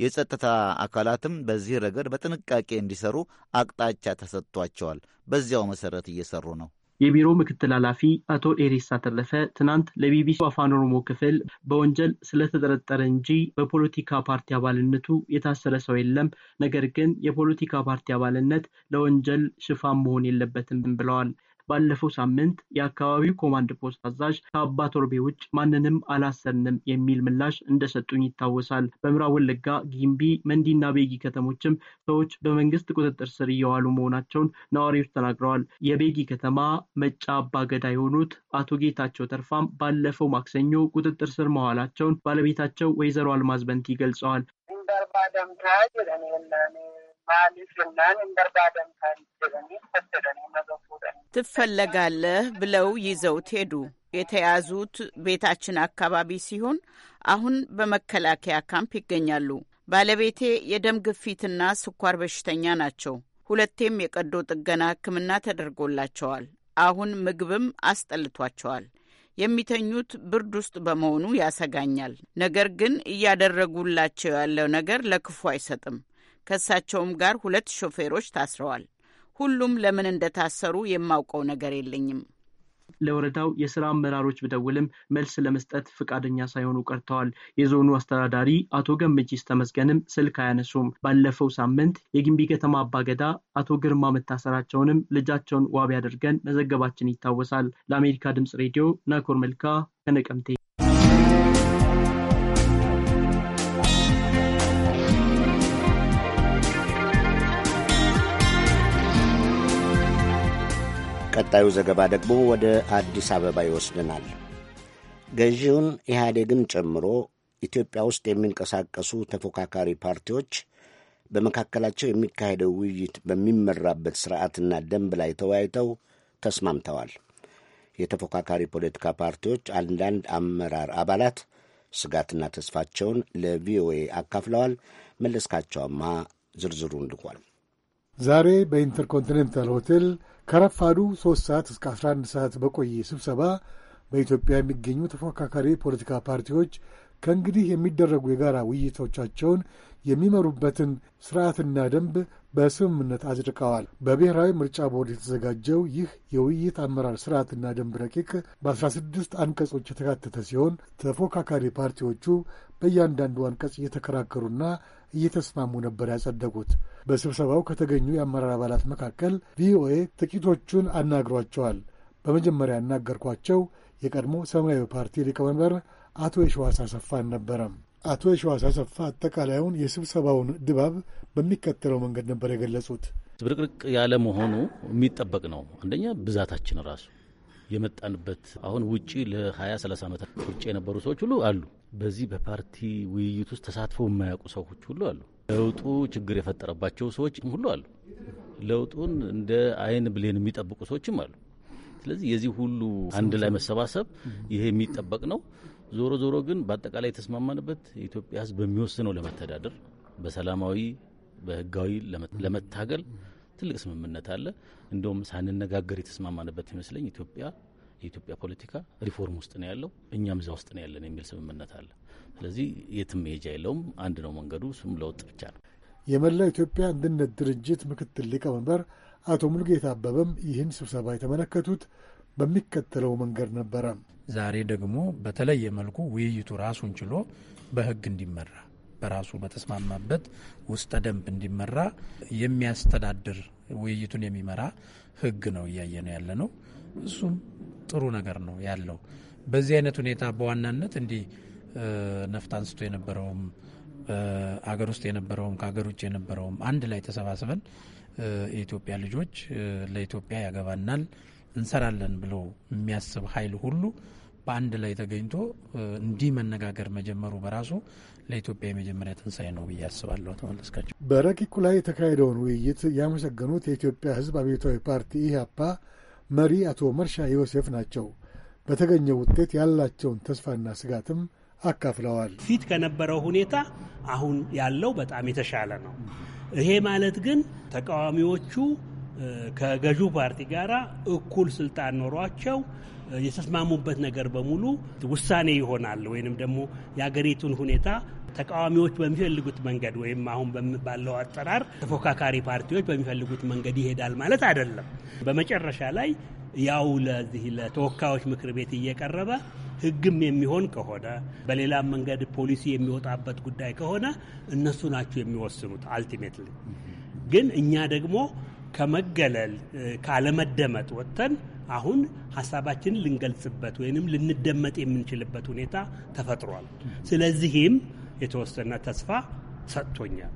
የጸጥታ አካላትም በዚህ ረገድ በጥንቃቄ እንዲሰሩ አቅጣጫ ተሰጥቷቸዋል። በዚያው መሰረት እየሰሩ ነው። የቢሮ ምክትል ኃላፊ አቶ ኤሬሳ ተረፈ ትናንት ለቢቢሲ አፋን ኦሮሞ ክፍል በወንጀል ስለተጠረጠረ እንጂ በፖለቲካ ፓርቲ አባልነቱ የታሰረ ሰው የለም፣ ነገር ግን የፖለቲካ ፓርቲ አባልነት ለወንጀል ሽፋን መሆን የለበትም ብለዋል። ባለፈው ሳምንት የአካባቢው ኮማንድ ፖስት አዛዥ ከአባ ቶርቤ ውጭ ማንንም አላሰርንም የሚል ምላሽ እንደሰጡኝ ይታወሳል። በምዕራብ ወለጋ ጊምቢ፣ መንዲና ቤጊ ከተሞችም ሰዎች በመንግስት ቁጥጥር ስር እየዋሉ መሆናቸውን ነዋሪዎች ተናግረዋል። የቤጊ ከተማ መጫ አባገዳ የሆኑት አቶ ጌታቸው ተርፋም ባለፈው ማክሰኞ ቁጥጥር ስር መዋላቸውን ባለቤታቸው ወይዘሮ አልማዝ በንቲ ገልጸዋል። ትፈለጋለህ ብለው ይዘውት ሄዱ። የተያዙት ቤታችን አካባቢ ሲሆን አሁን በመከላከያ ካምፕ ይገኛሉ። ባለቤቴ የደም ግፊትና ስኳር በሽተኛ ናቸው። ሁለቴም የቀዶ ጥገና ሕክምና ተደርጎላቸዋል። አሁን ምግብም አስጠልቷቸዋል። የሚተኙት ብርድ ውስጥ በመሆኑ ያሰጋኛል። ነገር ግን እያደረጉላቸው ያለው ነገር ለክፉ አይሰጥም። ከእሳቸውም ጋር ሁለት ሾፌሮች ታስረዋል። ሁሉም ለምን እንደታሰሩ የማውቀው ነገር የለኝም። ለወረዳው የስራ አመራሮች ብደውልም መልስ ለመስጠት ፈቃደኛ ሳይሆኑ ቀርተዋል። የዞኑ አስተዳዳሪ አቶ ገምጂስ ተመስገንም ስልክ አያነሱም። ባለፈው ሳምንት የግንቢ ከተማ አባገዳ አቶ ግርማ መታሰራቸውንም ልጃቸውን ዋቢ አድርገን መዘገባችን ይታወሳል። ለአሜሪካ ድምጽ ሬዲዮ ናኮር መልካ ከነቀምቴ ቀጣዩ ዘገባ ደግሞ ወደ አዲስ አበባ ይወስደናል። ገዢውን ኢህአዴግን ጨምሮ ኢትዮጵያ ውስጥ የሚንቀሳቀሱ ተፎካካሪ ፓርቲዎች በመካከላቸው የሚካሄደው ውይይት በሚመራበት ስርዓትና ደንብ ላይ ተወያይተው ተስማምተዋል። የተፎካካሪ ፖለቲካ ፓርቲዎች አንዳንድ አመራር አባላት ስጋትና ተስፋቸውን ለቪኦኤ አካፍለዋል። መለስካቸው አምሃ ዝርዝሩን ልኳል። ዛሬ በኢንተርኮንቲኔንታል ሆቴል ከረፋዱ ሶስት ሰዓት እስከ 11 ሰዓት በቆየ ስብሰባ በኢትዮጵያ የሚገኙ ተፎካካሪ የፖለቲካ ፓርቲዎች ከእንግዲህ የሚደረጉ የጋራ ውይይቶቻቸውን የሚመሩበትን ሥርዓትና ደንብ በስምምነት አጽድቀዋል። በብሔራዊ ምርጫ ቦርድ የተዘጋጀው ይህ የውይይት አመራር ስርዓትና ደንብ ረቂቅ በ16 አንቀጾች የተካተተ ሲሆን ተፎካካሪ ፓርቲዎቹ በእያንዳንዱ አንቀጽ እየተከራከሩና እየተስማሙ ነበር ያጸደቁት። በስብሰባው ከተገኙ የአመራር አባላት መካከል ቪኦኤ ጥቂቶቹን አናግሯቸዋል። በመጀመሪያ ያናገርኳቸው የቀድሞ ሰማያዊ ፓርቲ ሊቀመንበር አቶ የሸዋስ አሰፋን አልነበረም። አቶ የሸዋስ አሰፋ አጠቃላዩን የስብሰባውን ድባብ በሚከተለው መንገድ ነበር የገለጹት። ዝብርቅርቅ ያለ መሆኑ የሚጠበቅ ነው። አንደኛ ብዛታችን ራሱ የመጣንበት አሁን ውጪ ለ20 30 ዓመታት ውጭ የነበሩ ሰዎች ሁሉ አሉ። በዚህ በፓርቲ ውይይት ውስጥ ተሳትፎ የማያውቁ ሰዎች ሁሉ አሉ። ለውጡ ችግር የፈጠረባቸው ሰዎች ሁሉ አሉ። ለውጡን እንደ አይን ብሌን የሚጠብቁ ሰዎችም አሉ። ስለዚህ የዚህ ሁሉ አንድ ላይ መሰባሰብ ይሄ የሚጠበቅ ነው። ዞሮ ዞሮ ግን በአጠቃላይ የተስማማንበት የኢትዮጵያ ሕዝብ በሚወስነው ለመተዳደር በሰላማዊ በህጋዊ ለመታገል ትልቅ ስምምነት አለ። እንደውም ሳንነጋገር የተስማማንበት ይመስለኝ ኢትዮጵያ የኢትዮጵያ ፖለቲካ ሪፎርም ውስጥ ነው ያለው፣ እኛም እዛ ውስጥ ነው ያለን የሚል ስምምነት አለ። ስለዚህ የትም መሄጃ የለውም። አንድ ነው መንገዱ፣ እሱም ለውጥ ብቻ ነው። የመላው ኢትዮጵያ አንድነት ድርጅት ምክትል ሊቀመንበር አቶ ሙልጌታ አበበም ይህን ስብሰባ የተመለከቱት በሚከተለው መንገድ ነበረ። ዛሬ ደግሞ በተለየ መልኩ ውይይቱ ራሱን ችሎ በህግ እንዲመራ በራሱ በተስማማበት ውስጠ ደንብ እንዲመራ የሚያስተዳድር ውይይቱን የሚመራ ህግ ነው እያየ ነው ያለ ነው። እሱም ጥሩ ነገር ነው ያለው። በዚህ አይነት ሁኔታ በዋናነት እንዲህ ነፍጥ አንስቶ የነበረውም አገር ውስጥ የነበረውም ከሀገር ውጭ የነበረውም አንድ ላይ ተሰባስበን የኢትዮጵያ ልጆች ለኢትዮጵያ ያገባናል እንሰራለን ብሎ የሚያስብ ኃይል ሁሉ በአንድ ላይ ተገኝቶ እንዲህ መነጋገር መጀመሩ በራሱ ለኢትዮጵያ የመጀመሪያ ትንሣኤ ነው ብዬ አስባለሁ። ተመለስካቸው በረቂቁ ላይ የተካሄደውን ውይይት ያመሰገኑት የኢትዮጵያ ሕዝብ አብዮታዊ ፓርቲ ኢህአፓ መሪ አቶ መርሻ ዮሴፍ ናቸው። በተገኘው ውጤት ያላቸውን ተስፋና ስጋትም አካፍለዋል። ፊት ከነበረው ሁኔታ አሁን ያለው በጣም የተሻለ ነው። ይሄ ማለት ግን ተቃዋሚዎቹ ከገዢው ፓርቲ ጋር እኩል ስልጣን ኖሯቸው የተስማሙበት ነገር በሙሉ ውሳኔ ይሆናል ወይንም ደግሞ የአገሪቱን ሁኔታ ተቃዋሚዎች በሚፈልጉት መንገድ ወይም አሁን ባለው አጠራር ተፎካካሪ ፓርቲዎች በሚፈልጉት መንገድ ይሄዳል ማለት አይደለም። በመጨረሻ ላይ ያው ለዚህ ለተወካዮች ምክር ቤት እየቀረበ ሕግም የሚሆን ከሆነ በሌላም መንገድ ፖሊሲ የሚወጣበት ጉዳይ ከሆነ እነሱ ናቸው የሚወስኑት። አልቲሜትሊ ግን እኛ ደግሞ ከመገለል ካለመደመጥ ወጥተን አሁን ሀሳባችንን ልንገልጽበት ወይንም ልንደመጥ የምንችልበት ሁኔታ ተፈጥሯል። ስለዚህም የተወሰነ ተስፋ ሰጥቶኛል።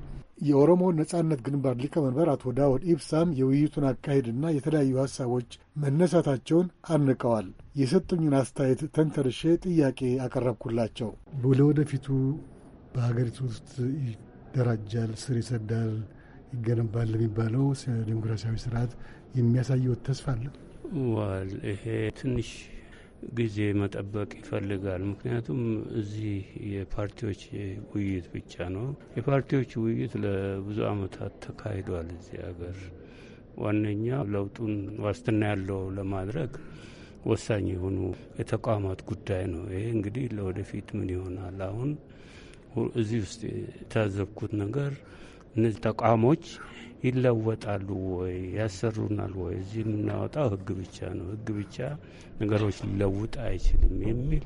የኦሮሞ ነጻነት ግንባር ሊቀመንበር አቶ ዳውድ ኢብሳም የውይይቱን አካሄድና የተለያዩ ሀሳቦች መነሳታቸውን አድንቀዋል። የሰጡኝን አስተያየት ተንተርሼ ጥያቄ አቀረብኩላቸው። ለወደፊቱ በሀገሪቱ ውስጥ ይደራጃል፣ ስር ይሰዳል፣ ይገነባል የሚባለው ዲሞክራሲያዊ ስርዓት የሚያሳየው ተስፋ አለ። ይሄ ትንሽ ጊዜ መጠበቅ ይፈልጋል። ምክንያቱም እዚህ የፓርቲዎች ውይይት ብቻ ነው። የፓርቲዎች ውይይት ለብዙ ዓመታት ተካሂዷል እዚህ ሀገር። ዋነኛ ለውጡን ዋስትና ያለው ለማድረግ ወሳኝ የሆኑ የተቋማት ጉዳይ ነው። ይሄ እንግዲህ ለወደፊት ምን ይሆናል? አሁን እዚህ ውስጥ የታዘብኩት ነገር እነዚህ ተቋሞች ይለወጣሉ ወይ? ያሰሩናል ወይ? እዚህ የምናወጣው ህግ ብቻ ነው። ህግ ብቻ ነገሮች ሊለውጥ አይችልም የሚል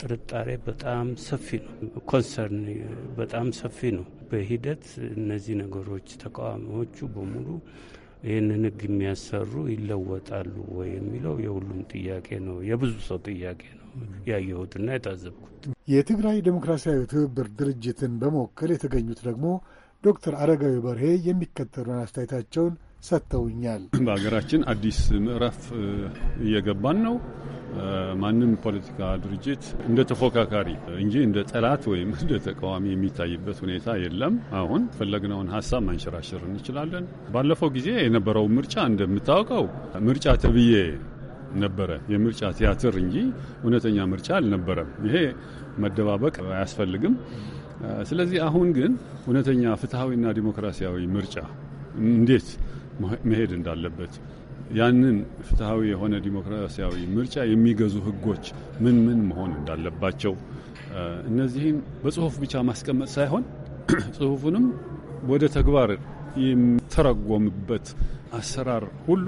ጥርጣሬ በጣም ሰፊ ነው። ኮንሰርን በጣም ሰፊ ነው። በሂደት እነዚህ ነገሮች ተቃዋሚዎቹ በሙሉ ይህንን ህግ የሚያሰሩ ይለወጣሉ ወይ የሚለው የሁሉም ጥያቄ ነው፣ የብዙ ሰው ጥያቄ ነው ያየሁትና የታዘብኩት። የትግራይ ዴሞክራሲያዊ ትብብር ድርጅትን በመወከል የተገኙት ደግሞ ዶክተር አረጋዊ በርሄ የሚከተሉን አስተያየታቸውን ሰጥተውኛል። በሀገራችን አዲስ ምዕራፍ እየገባን ነው። ማንም ፖለቲካ ድርጅት እንደ ተፎካካሪ እንጂ እንደ ጠላት ወይም እንደ ተቃዋሚ የሚታይበት ሁኔታ የለም። አሁን ፈለግነውን ሀሳብ ማንሸራሸር እንችላለን። ባለፈው ጊዜ የነበረው ምርጫ እንደምታውቀው ምርጫ ተብዬ ነበረ። የምርጫ ቲያትር እንጂ እውነተኛ ምርጫ አልነበረም። ይሄ መደባበቅ አያስፈልግም። ስለዚህ አሁን ግን እውነተኛ ፍትሐዊና ዲሞክራሲያዊ ምርጫ እንዴት መሄድ እንዳለበት ያንን ፍትሐዊ የሆነ ዲሞክራሲያዊ ምርጫ የሚገዙ ህጎች ምን ምን መሆን እንዳለባቸው እነዚህን በጽሁፍ ብቻ ማስቀመጥ ሳይሆን <clears throat> ጽሁፉንም ወደ ተግባር የሚተረጎምበት አሰራር ሁሉ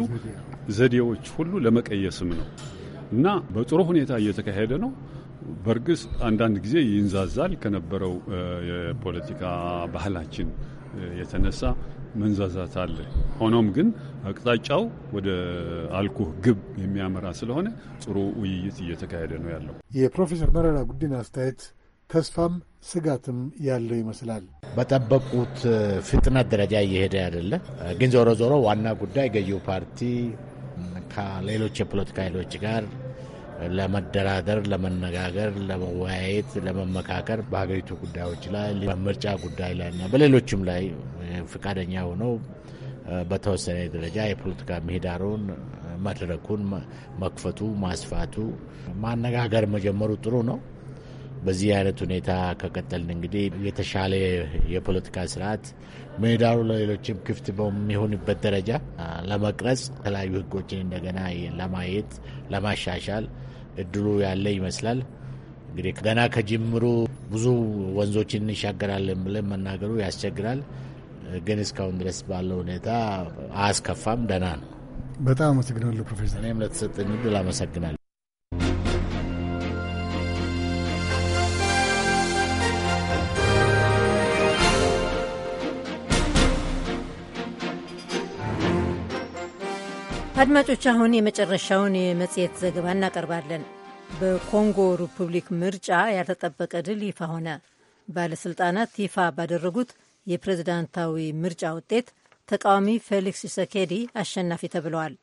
ዘዴዎች ሁሉ ለመቀየስም ነው እና በጥሩ ሁኔታ እየተካሄደ ነው። በእርግስ አንዳንድ ጊዜ ይንዛዛል ከነበረው የፖለቲካ ባህላችን የተነሳ መንዛዛት አለ። ሆኖም ግን አቅጣጫው ወደ አልኩህ ግብ የሚያመራ ስለሆነ ጥሩ ውይይት እየተካሄደ ነው ያለው። የፕሮፌሰር መረራ ጉዲን አስተያየት ተስፋም ስጋትም ያለው ይመስላል። በጠበቁት ፍጥነት ደረጃ እየሄደ አይደለ። ግን ዞሮ ዞሮ ዋና ጉዳይ ገዢው ፓርቲ ከሌሎች የፖለቲካ ኃይሎች ጋር ለመደራደር፣ ለመነጋገር፣ ለመወያየት፣ ለመመካከር በሀገሪቱ ጉዳዮች ላይ በምርጫ ጉዳይ ላይ በሌሎችም ላይ ፈቃደኛ ሆነው በተወሰነ ደረጃ የፖለቲካ ምህዳሩን መድረኩን መክፈቱ ማስፋቱ ማነጋገር መጀመሩ ጥሩ ነው። በዚህ አይነት ሁኔታ ከቀጠልን እንግዲህ የተሻለ የፖለቲካ ስርዓት ሜዳሩ ለሌሎችም ክፍት በሚሆንበት ደረጃ ለመቅረጽ የተለያዩ ህጎችን እንደገና ለማየት ለማሻሻል እድሉ ያለ ይመስላል። እንግዲህ ገና ከጅምሩ ብዙ ወንዞችን እንሻገራለን ብለን መናገሩ ያስቸግራል። ግን እስካሁን ድረስ ባለው ሁኔታ አያስከፋም፣ ደህና ነው። በጣም አመሰግናለሁ ፕሮፌሰር። እኔም ለተሰጠኝ እድል አመሰግናለሁ። አድማጮች፣ አሁን የመጨረሻውን የመጽሔት ዘገባ እናቀርባለን። በኮንጎ ሪፑብሊክ ምርጫ ያልተጠበቀ ድል ይፋ ሆነ። ባለሥልጣናት ይፋ ባደረጉት የፕሬዝዳንታዊ ምርጫ ውጤት ተቃዋሚ ፌሊክስ ሰኬዲ አሸናፊ ተብለዋል።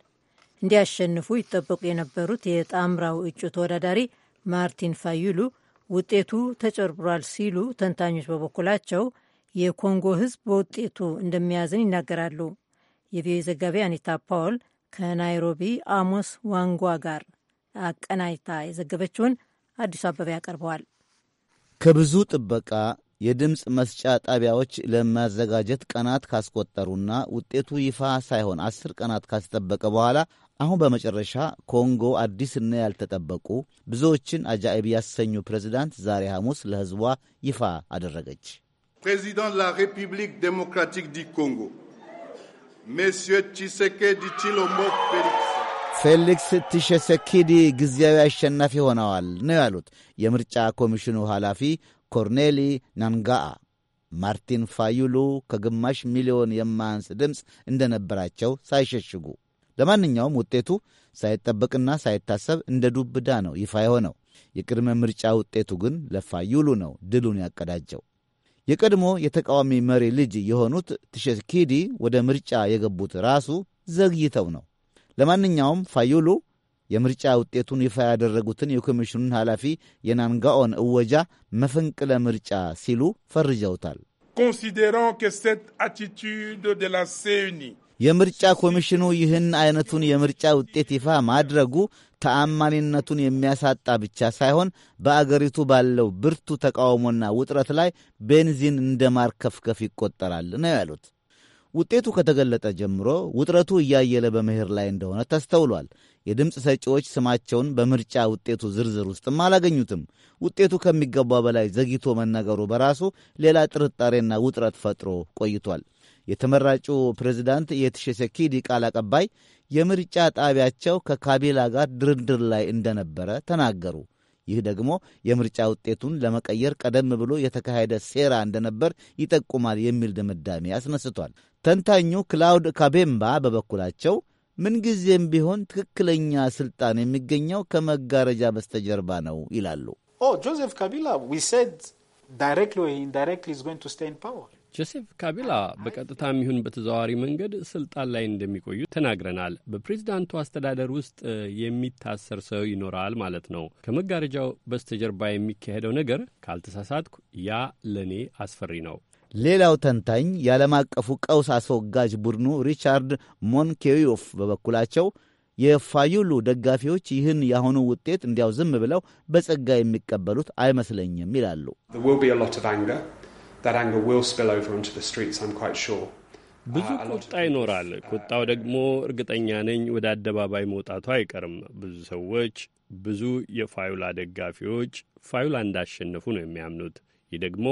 እንዲያሸንፉ ይጠበቁ የነበሩት የጣምራው እጩ ተወዳዳሪ ማርቲን ፋዩሉ ውጤቱ ተጨብሯል ሲሉ ተንታኞች በበኩላቸው የኮንጎ ሕዝብ በውጤቱ እንደሚያዝን ይናገራሉ። የቪኦኤ ዘጋቢ አኒታ ፓውል ከናይሮቢ አሞስ ዋንጓ ጋር አቀናጅታ የዘገበችውን አዲሱ አበባ ያቀርበዋል። ከብዙ ጥበቃ የድምፅ መስጫ ጣቢያዎች ለማዘጋጀት ቀናት ካስቆጠሩና ውጤቱ ይፋ ሳይሆን አስር ቀናት ካስጠበቀ በኋላ አሁን በመጨረሻ ኮንጎ አዲስና ያልተጠበቁ ብዙዎችን አጃኢብ ያሰኙ ፕሬዚዳንት ዛሬ ሐሙስ ለሕዝቧ ይፋ አደረገች። ፕሬዚዳንት ላ ሪፑብሊክ ዴሞክራቲክ ዲ ኮንጎ ሜስዮ ቺሴኬዲ ቺሎሞ ፌሊክስ ፌሊክስ ቲሸሰኪዲ ጊዜያዊ አሸናፊ ሆነዋል ነው ያሉት የምርጫ ኮሚሽኑ ኃላፊ ኮርኔሊ ናንጋአ። ማርቲን ፋዩሉ ከግማሽ ሚሊዮን የማያንስ ድምፅ እንደነበራቸው ሳይሸሽጉ። ለማንኛውም ውጤቱ ሳይጠበቅና ሳይታሰብ እንደ ዱብ ዕዳ ነው ይፋ የሆነው። የቅድመ ምርጫ ውጤቱ ግን ለፋዩሉ ነው ድሉን ያቀዳጀው። የቀድሞ የተቃዋሚ መሪ ልጅ የሆኑት ትሸኪዲ ወደ ምርጫ የገቡት ራሱ ዘግይተው ነው። ለማንኛውም ፋዩሉ የምርጫ ውጤቱን ይፋ ያደረጉትን የኮሚሽኑን ኃላፊ የናንጋኦን እወጃ መፈንቅለ ምርጫ ሲሉ ፈርጀውታል። ኮንሲዴሮን የምርጫ ኮሚሽኑ ይህን አይነቱን የምርጫ ውጤት ይፋ ማድረጉ ተአማኒነቱን የሚያሳጣ ብቻ ሳይሆን በአገሪቱ ባለው ብርቱ ተቃውሞና ውጥረት ላይ ቤንዚን እንደ ማርከፍከፍ ይቆጠራል ነው ያሉት። ውጤቱ ከተገለጠ ጀምሮ ውጥረቱ እያየለ በመሄድ ላይ እንደሆነ ተስተውሏል። የድምፅ ሰጪዎች ስማቸውን በምርጫ ውጤቱ ዝርዝር ውስጥም አላገኙትም። ውጤቱ ከሚገባ በላይ ዘግይቶ መነገሩ በራሱ ሌላ ጥርጣሬና ውጥረት ፈጥሮ ቆይቷል። የተመራጩ ፕሬዚዳንት የትሸሴኪዲ ቃል አቀባይ የምርጫ ጣቢያቸው ከካቢላ ጋር ድርድር ላይ እንደነበረ ተናገሩ። ይህ ደግሞ የምርጫ ውጤቱን ለመቀየር ቀደም ብሎ የተካሄደ ሴራ እንደነበር ይጠቁማል የሚል ድምዳሜ አስነስቷል። ተንታኙ ክላውድ ካቤምባ በበኩላቸው ምንጊዜም ቢሆን ትክክለኛ ስልጣን የሚገኘው ከመጋረጃ በስተጀርባ ነው ይላሉ። ጆሴፍ oh, ካቢላ ጆሴፍ ካቢላ በቀጥታ የሚሆን በተዘዋዋሪ መንገድ ስልጣን ላይ እንደሚቆዩ ተናግረናል። በፕሬዚዳንቱ አስተዳደር ውስጥ የሚታሰር ሰው ይኖራል ማለት ነው። ከመጋረጃው በስተጀርባ የሚካሄደው ነገር ካልተሳሳትኩ፣ ያ ለእኔ አስፈሪ ነው። ሌላው ተንታኝ የዓለም አቀፉ ቀውስ አስወጋጅ ቡድኑ ሪቻርድ ሞንኬዮፍ በበኩላቸው የፋዩሉ ደጋፊዎች ይህን የአሁኑ ውጤት እንዲያው ዝም ብለው በጸጋ የሚቀበሉት አይመስለኝም ይላሉ። ብዙ ቁጣ ይኖራል። uh, ቁጣው ደግሞ እርግጠኛ ነኝ ወደ አደባባይ መውጣቱ አይቀርም። ብዙ ሰዎች፣ ብዙ የፋዩላ ደጋፊዎች ፋዩላ እንዳሸነፉ ነው የሚያምኑት። ይህ ደግሞ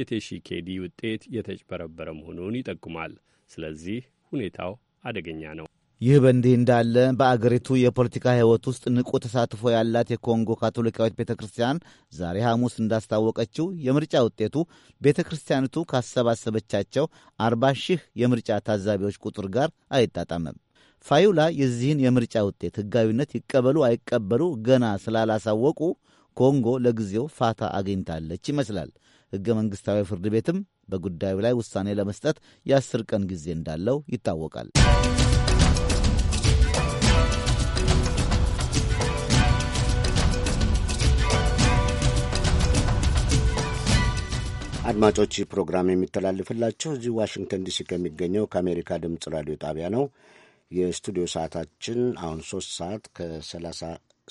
የቴሺኬዲ ውጤት የተጭበረበረ መሆኑን ይጠቁማል። ስለዚህ ሁኔታው አደገኛ ነው። ይህ በእንዲህ እንዳለ በአገሪቱ የፖለቲካ ሕይወት ውስጥ ንቁ ተሳትፎ ያላት የኮንጎ ካቶሊካዊት ቤተ ክርስቲያን ዛሬ ሐሙስ እንዳስታወቀችው የምርጫ ውጤቱ ቤተ ክርስቲያኒቱ ካሰባሰበቻቸው አርባ ሺህ የምርጫ ታዛቢዎች ቁጥር ጋር አይጣጣምም። ፋዩላ የዚህን የምርጫ ውጤት ሕጋዊነት ይቀበሉ አይቀበሉ ገና ስላላሳወቁ ኮንጎ ለጊዜው ፋታ አግኝታለች ይመስላል። ሕገ መንግሥታዊ ፍርድ ቤትም በጉዳዩ ላይ ውሳኔ ለመስጠት የአስር ቀን ጊዜ እንዳለው ይታወቃል። አድማጮች ይህ ፕሮግራም የሚተላልፍላቸው እዚህ ዋሽንግተን ዲሲ ከሚገኘው ከአሜሪካ ድምፅ ራዲዮ ጣቢያ ነው። የስቱዲዮ ሰዓታችን አሁን ሶስት ሰዓት ከሰላሳ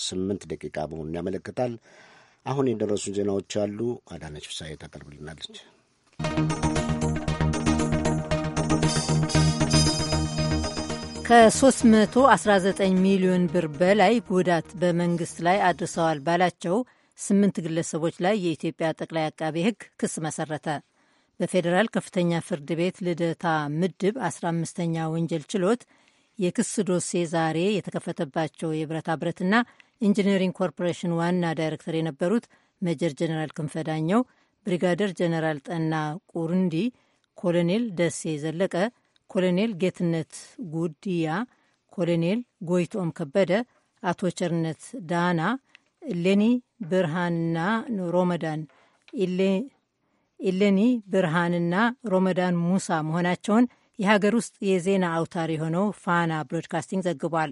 ስምንት ደቂቃ መሆኑን ያመለክታል። አሁን የደረሱ ዜናዎች አሉ። አዳነች ፍሳዬ ታቀርብልናለች። ከ319 ሚሊዮን ብር በላይ ጉዳት በመንግስት ላይ አድርሰዋል ባላቸው ስምንት ግለሰቦች ላይ የኢትዮጵያ ጠቅላይ አቃቤ ሕግ ክስ መሰረተ። በፌዴራል ከፍተኛ ፍርድ ቤት ልደታ ምድብ 15ኛ ወንጀል ችሎት የክስ ዶሴ ዛሬ የተከፈተባቸው የብረታ ብረትና ኢንጂነሪንግ ኮርፖሬሽን ዋና ዳይሬክተር የነበሩት መጀር ጀነራል ክንፈ ዳኘው፣ ብሪጋደር ጀነራል ጠና ቁርንዲ፣ ኮሎኔል ደሴ ዘለቀ፣ ኮሎኔል ጌትነት ጉዲያ፣ ኮሎኔል ጎይቶም ከበደ፣ አቶ ቸርነት ዳና፣ ሌኒ ብርሃንና ሮመዳን ኢሌኒ ብርሃንና ሮመዳን ሙሳ መሆናቸውን የሀገር ውስጥ የዜና አውታር የሆነው ፋና ብሮድካስቲንግ ዘግቧል።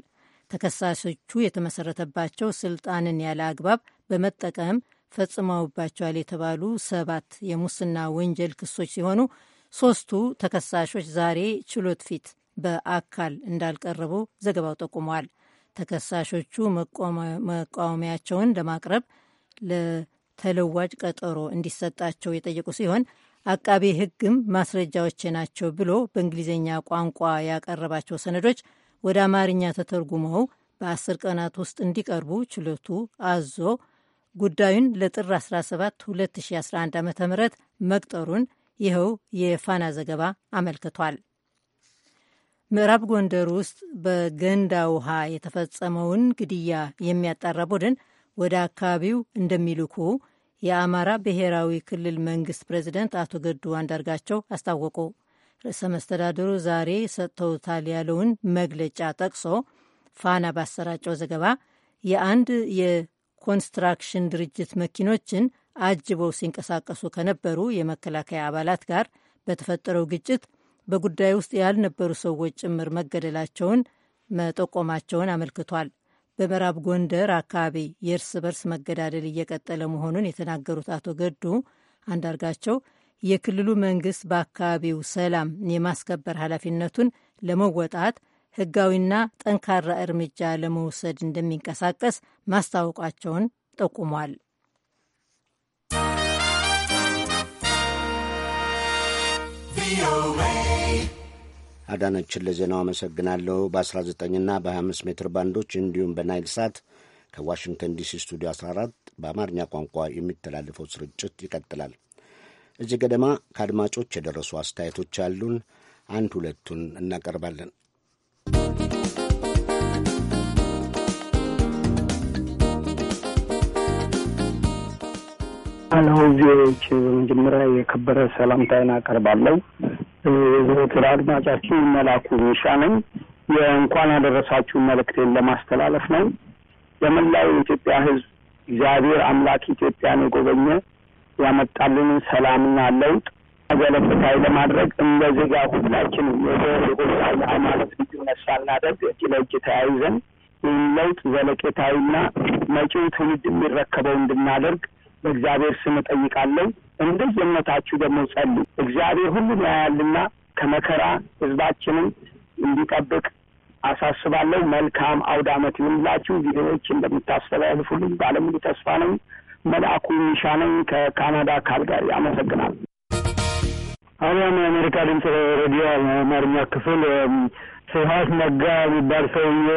ተከሳሾቹ የተመሰረተባቸው ስልጣንን ያለ አግባብ በመጠቀም ፈጽመውባቸዋል የተባሉ ሰባት የሙስና ወንጀል ክሶች ሲሆኑ ሶስቱ ተከሳሾች ዛሬ ችሎት ፊት በአካል እንዳልቀረቡ ዘገባው ጠቁመዋል። ተከሳሾቹ መቃወሚያቸውን ለማቅረብ ለተለዋጭ ቀጠሮ እንዲሰጣቸው የጠየቁ ሲሆን አቃቤ ሕግም ማስረጃዎች ናቸው ብሎ በእንግሊዝኛ ቋንቋ ያቀረባቸው ሰነዶች ወደ አማርኛ ተተርጉመው በአስር ቀናት ውስጥ እንዲቀርቡ ችሎቱ አዞ ጉዳዩን ለጥር 17 2011 ዓ ም መቅጠሩን ይኸው የፋና ዘገባ አመልክቷል። ምዕራብ ጎንደር ውስጥ በገንዳ ውሃ የተፈጸመውን ግድያ የሚያጣራ ቡድን ወደ አካባቢው እንደሚልኩ የአማራ ብሔራዊ ክልል መንግስት ፕሬዚደንት አቶ ገዱ አንዳርጋቸው አስታወቁ። ርዕሰ መስተዳድሩ ዛሬ ሰጥተውታል ያለውን መግለጫ ጠቅሶ ፋና ባሰራጨው ዘገባ የአንድ የኮንስትራክሽን ድርጅት መኪኖችን አጅበው ሲንቀሳቀሱ ከነበሩ የመከላከያ አባላት ጋር በተፈጠረው ግጭት በጉዳዩ ውስጥ ያልነበሩ ሰዎች ጭምር መገደላቸውን መጠቆማቸውን አመልክቷል። በምዕራብ ጎንደር አካባቢ የእርስ በርስ መገዳደል እየቀጠለ መሆኑን የተናገሩት አቶ ገዱ አንዳርጋቸው የክልሉ መንግስት በአካባቢው ሰላም የማስከበር ኃላፊነቱን ለመወጣት ህጋዊና ጠንካራ እርምጃ ለመውሰድ እንደሚንቀሳቀስ ማስታወቃቸውን ጠቁሟል። ቪኦኤ አዳነችን ለዜናው አመሰግናለሁ። በ19ና በ25 ሜትር ባንዶች እንዲሁም በናይል ሳት ከዋሽንግተን ዲሲ ስቱዲዮ 14 በአማርኛ ቋንቋ የሚተላለፈው ስርጭት ይቀጥላል። እዚህ ገደማ ከአድማጮች የደረሱ አስተያየቶች ያሉን አንድ ሁለቱን እናቀርባለን። ሄሎ ዜዎች በመጀመሪያ የከበረ ሰላምታዬን አቀርባለሁ። የዘወትር አድማጫችሁ መላኩ ሚሻ ነኝ። የእንኳን አደረሳችሁ መልእክቴን ለማስተላለፍ ነው። ለመላው የኢትዮጵያ ሕዝብ እግዚአብሔር አምላክ ኢትዮጵያን የጎበኘ ያመጣልንን ሰላምና ለውጥ ገለፍታይ ለማድረግ እንደ ዜጋ ሁላችንም የዘር የጎሳ እጅ ለእጅ ተያይዘን ይህን ለውጥ ዘለቄታዊና መጪው ትውልድ የሚረከበው እንድናደርግ በእግዚአብሔር ስም እጠይቃለሁ። እንደዚህ የእምነታችሁ ደግሞ ጸሉ እግዚአብሔር ሁሉን ያያልና ከመከራ ህዝባችንን እንዲጠብቅ አሳስባለሁ። መልካም አውደ ዓመት ይሁንላችሁ። ቪዲዮዎች እንደምታስተላልፉልኝ ባለሙሉ ተስፋ ነኝ። መልአኩ ሚሻ ነኝ ከካናዳ ካልጋሪ። አመሰግናል። አሁን የአሜሪካ ድምፅ ሬዲዮ አማርኛ ክፍል ስብሀት ነጋ የሚባል ሰውዬ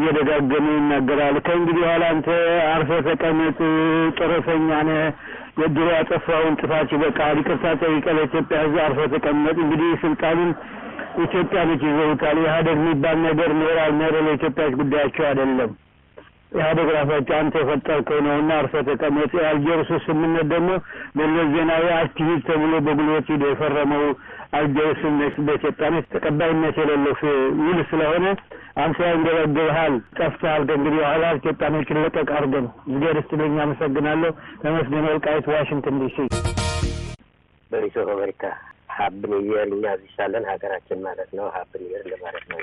እየደጋገመ ይናገራል። ከእንግዲህ ኋላ አንተ አርፈ ተቀመጥ፣ ጦረተኛ ነህ፣ የድሮ ያጠፋውን ጥፋት ይበቃል፣ ይቅርታ ጠይቀህ ለኢትዮጵያ ሕዝብ አርፈ ተቀመጥ። እንግዲህ ስልጣኑን ነች ይዘውታል። ኢህአዴግ የሚባል ነገር ምዕራል መረ ለኢትዮጵያች ጉዳያቸው አይደለም። ኢህአዴግ ራሳቸው አንተ የፈጠርከው ነው እና አርፈ ተቀመጥ። የአልጀርሱ ስምምነት ደግሞ መለስ ዜናዊ አርቲሂድ ተብሎ በጉልበት ሂዶ የፈረመው አልጀውስነት በኢትዮጵያነት ተቀባይነት የሌለው ይል ስለሆነ አንተ ያንገበግብሃል፣ ጠፍተሃል። ከእንግዲህ በኋላ ኢትዮጵያኖች ለቀቅ አድርገ ነው። እግዚአብሔር ይስጥልኝ፣ አመሰግናለሁ። ተመስገን ወልቃይት፣ ዋሽንግተን ዲሲ። በሪሶ አሜሪካ ሀብን የር እኛ እዚህ ሳለን ሀገራችን ማለት ነው ሀብን የር ለማለት ነው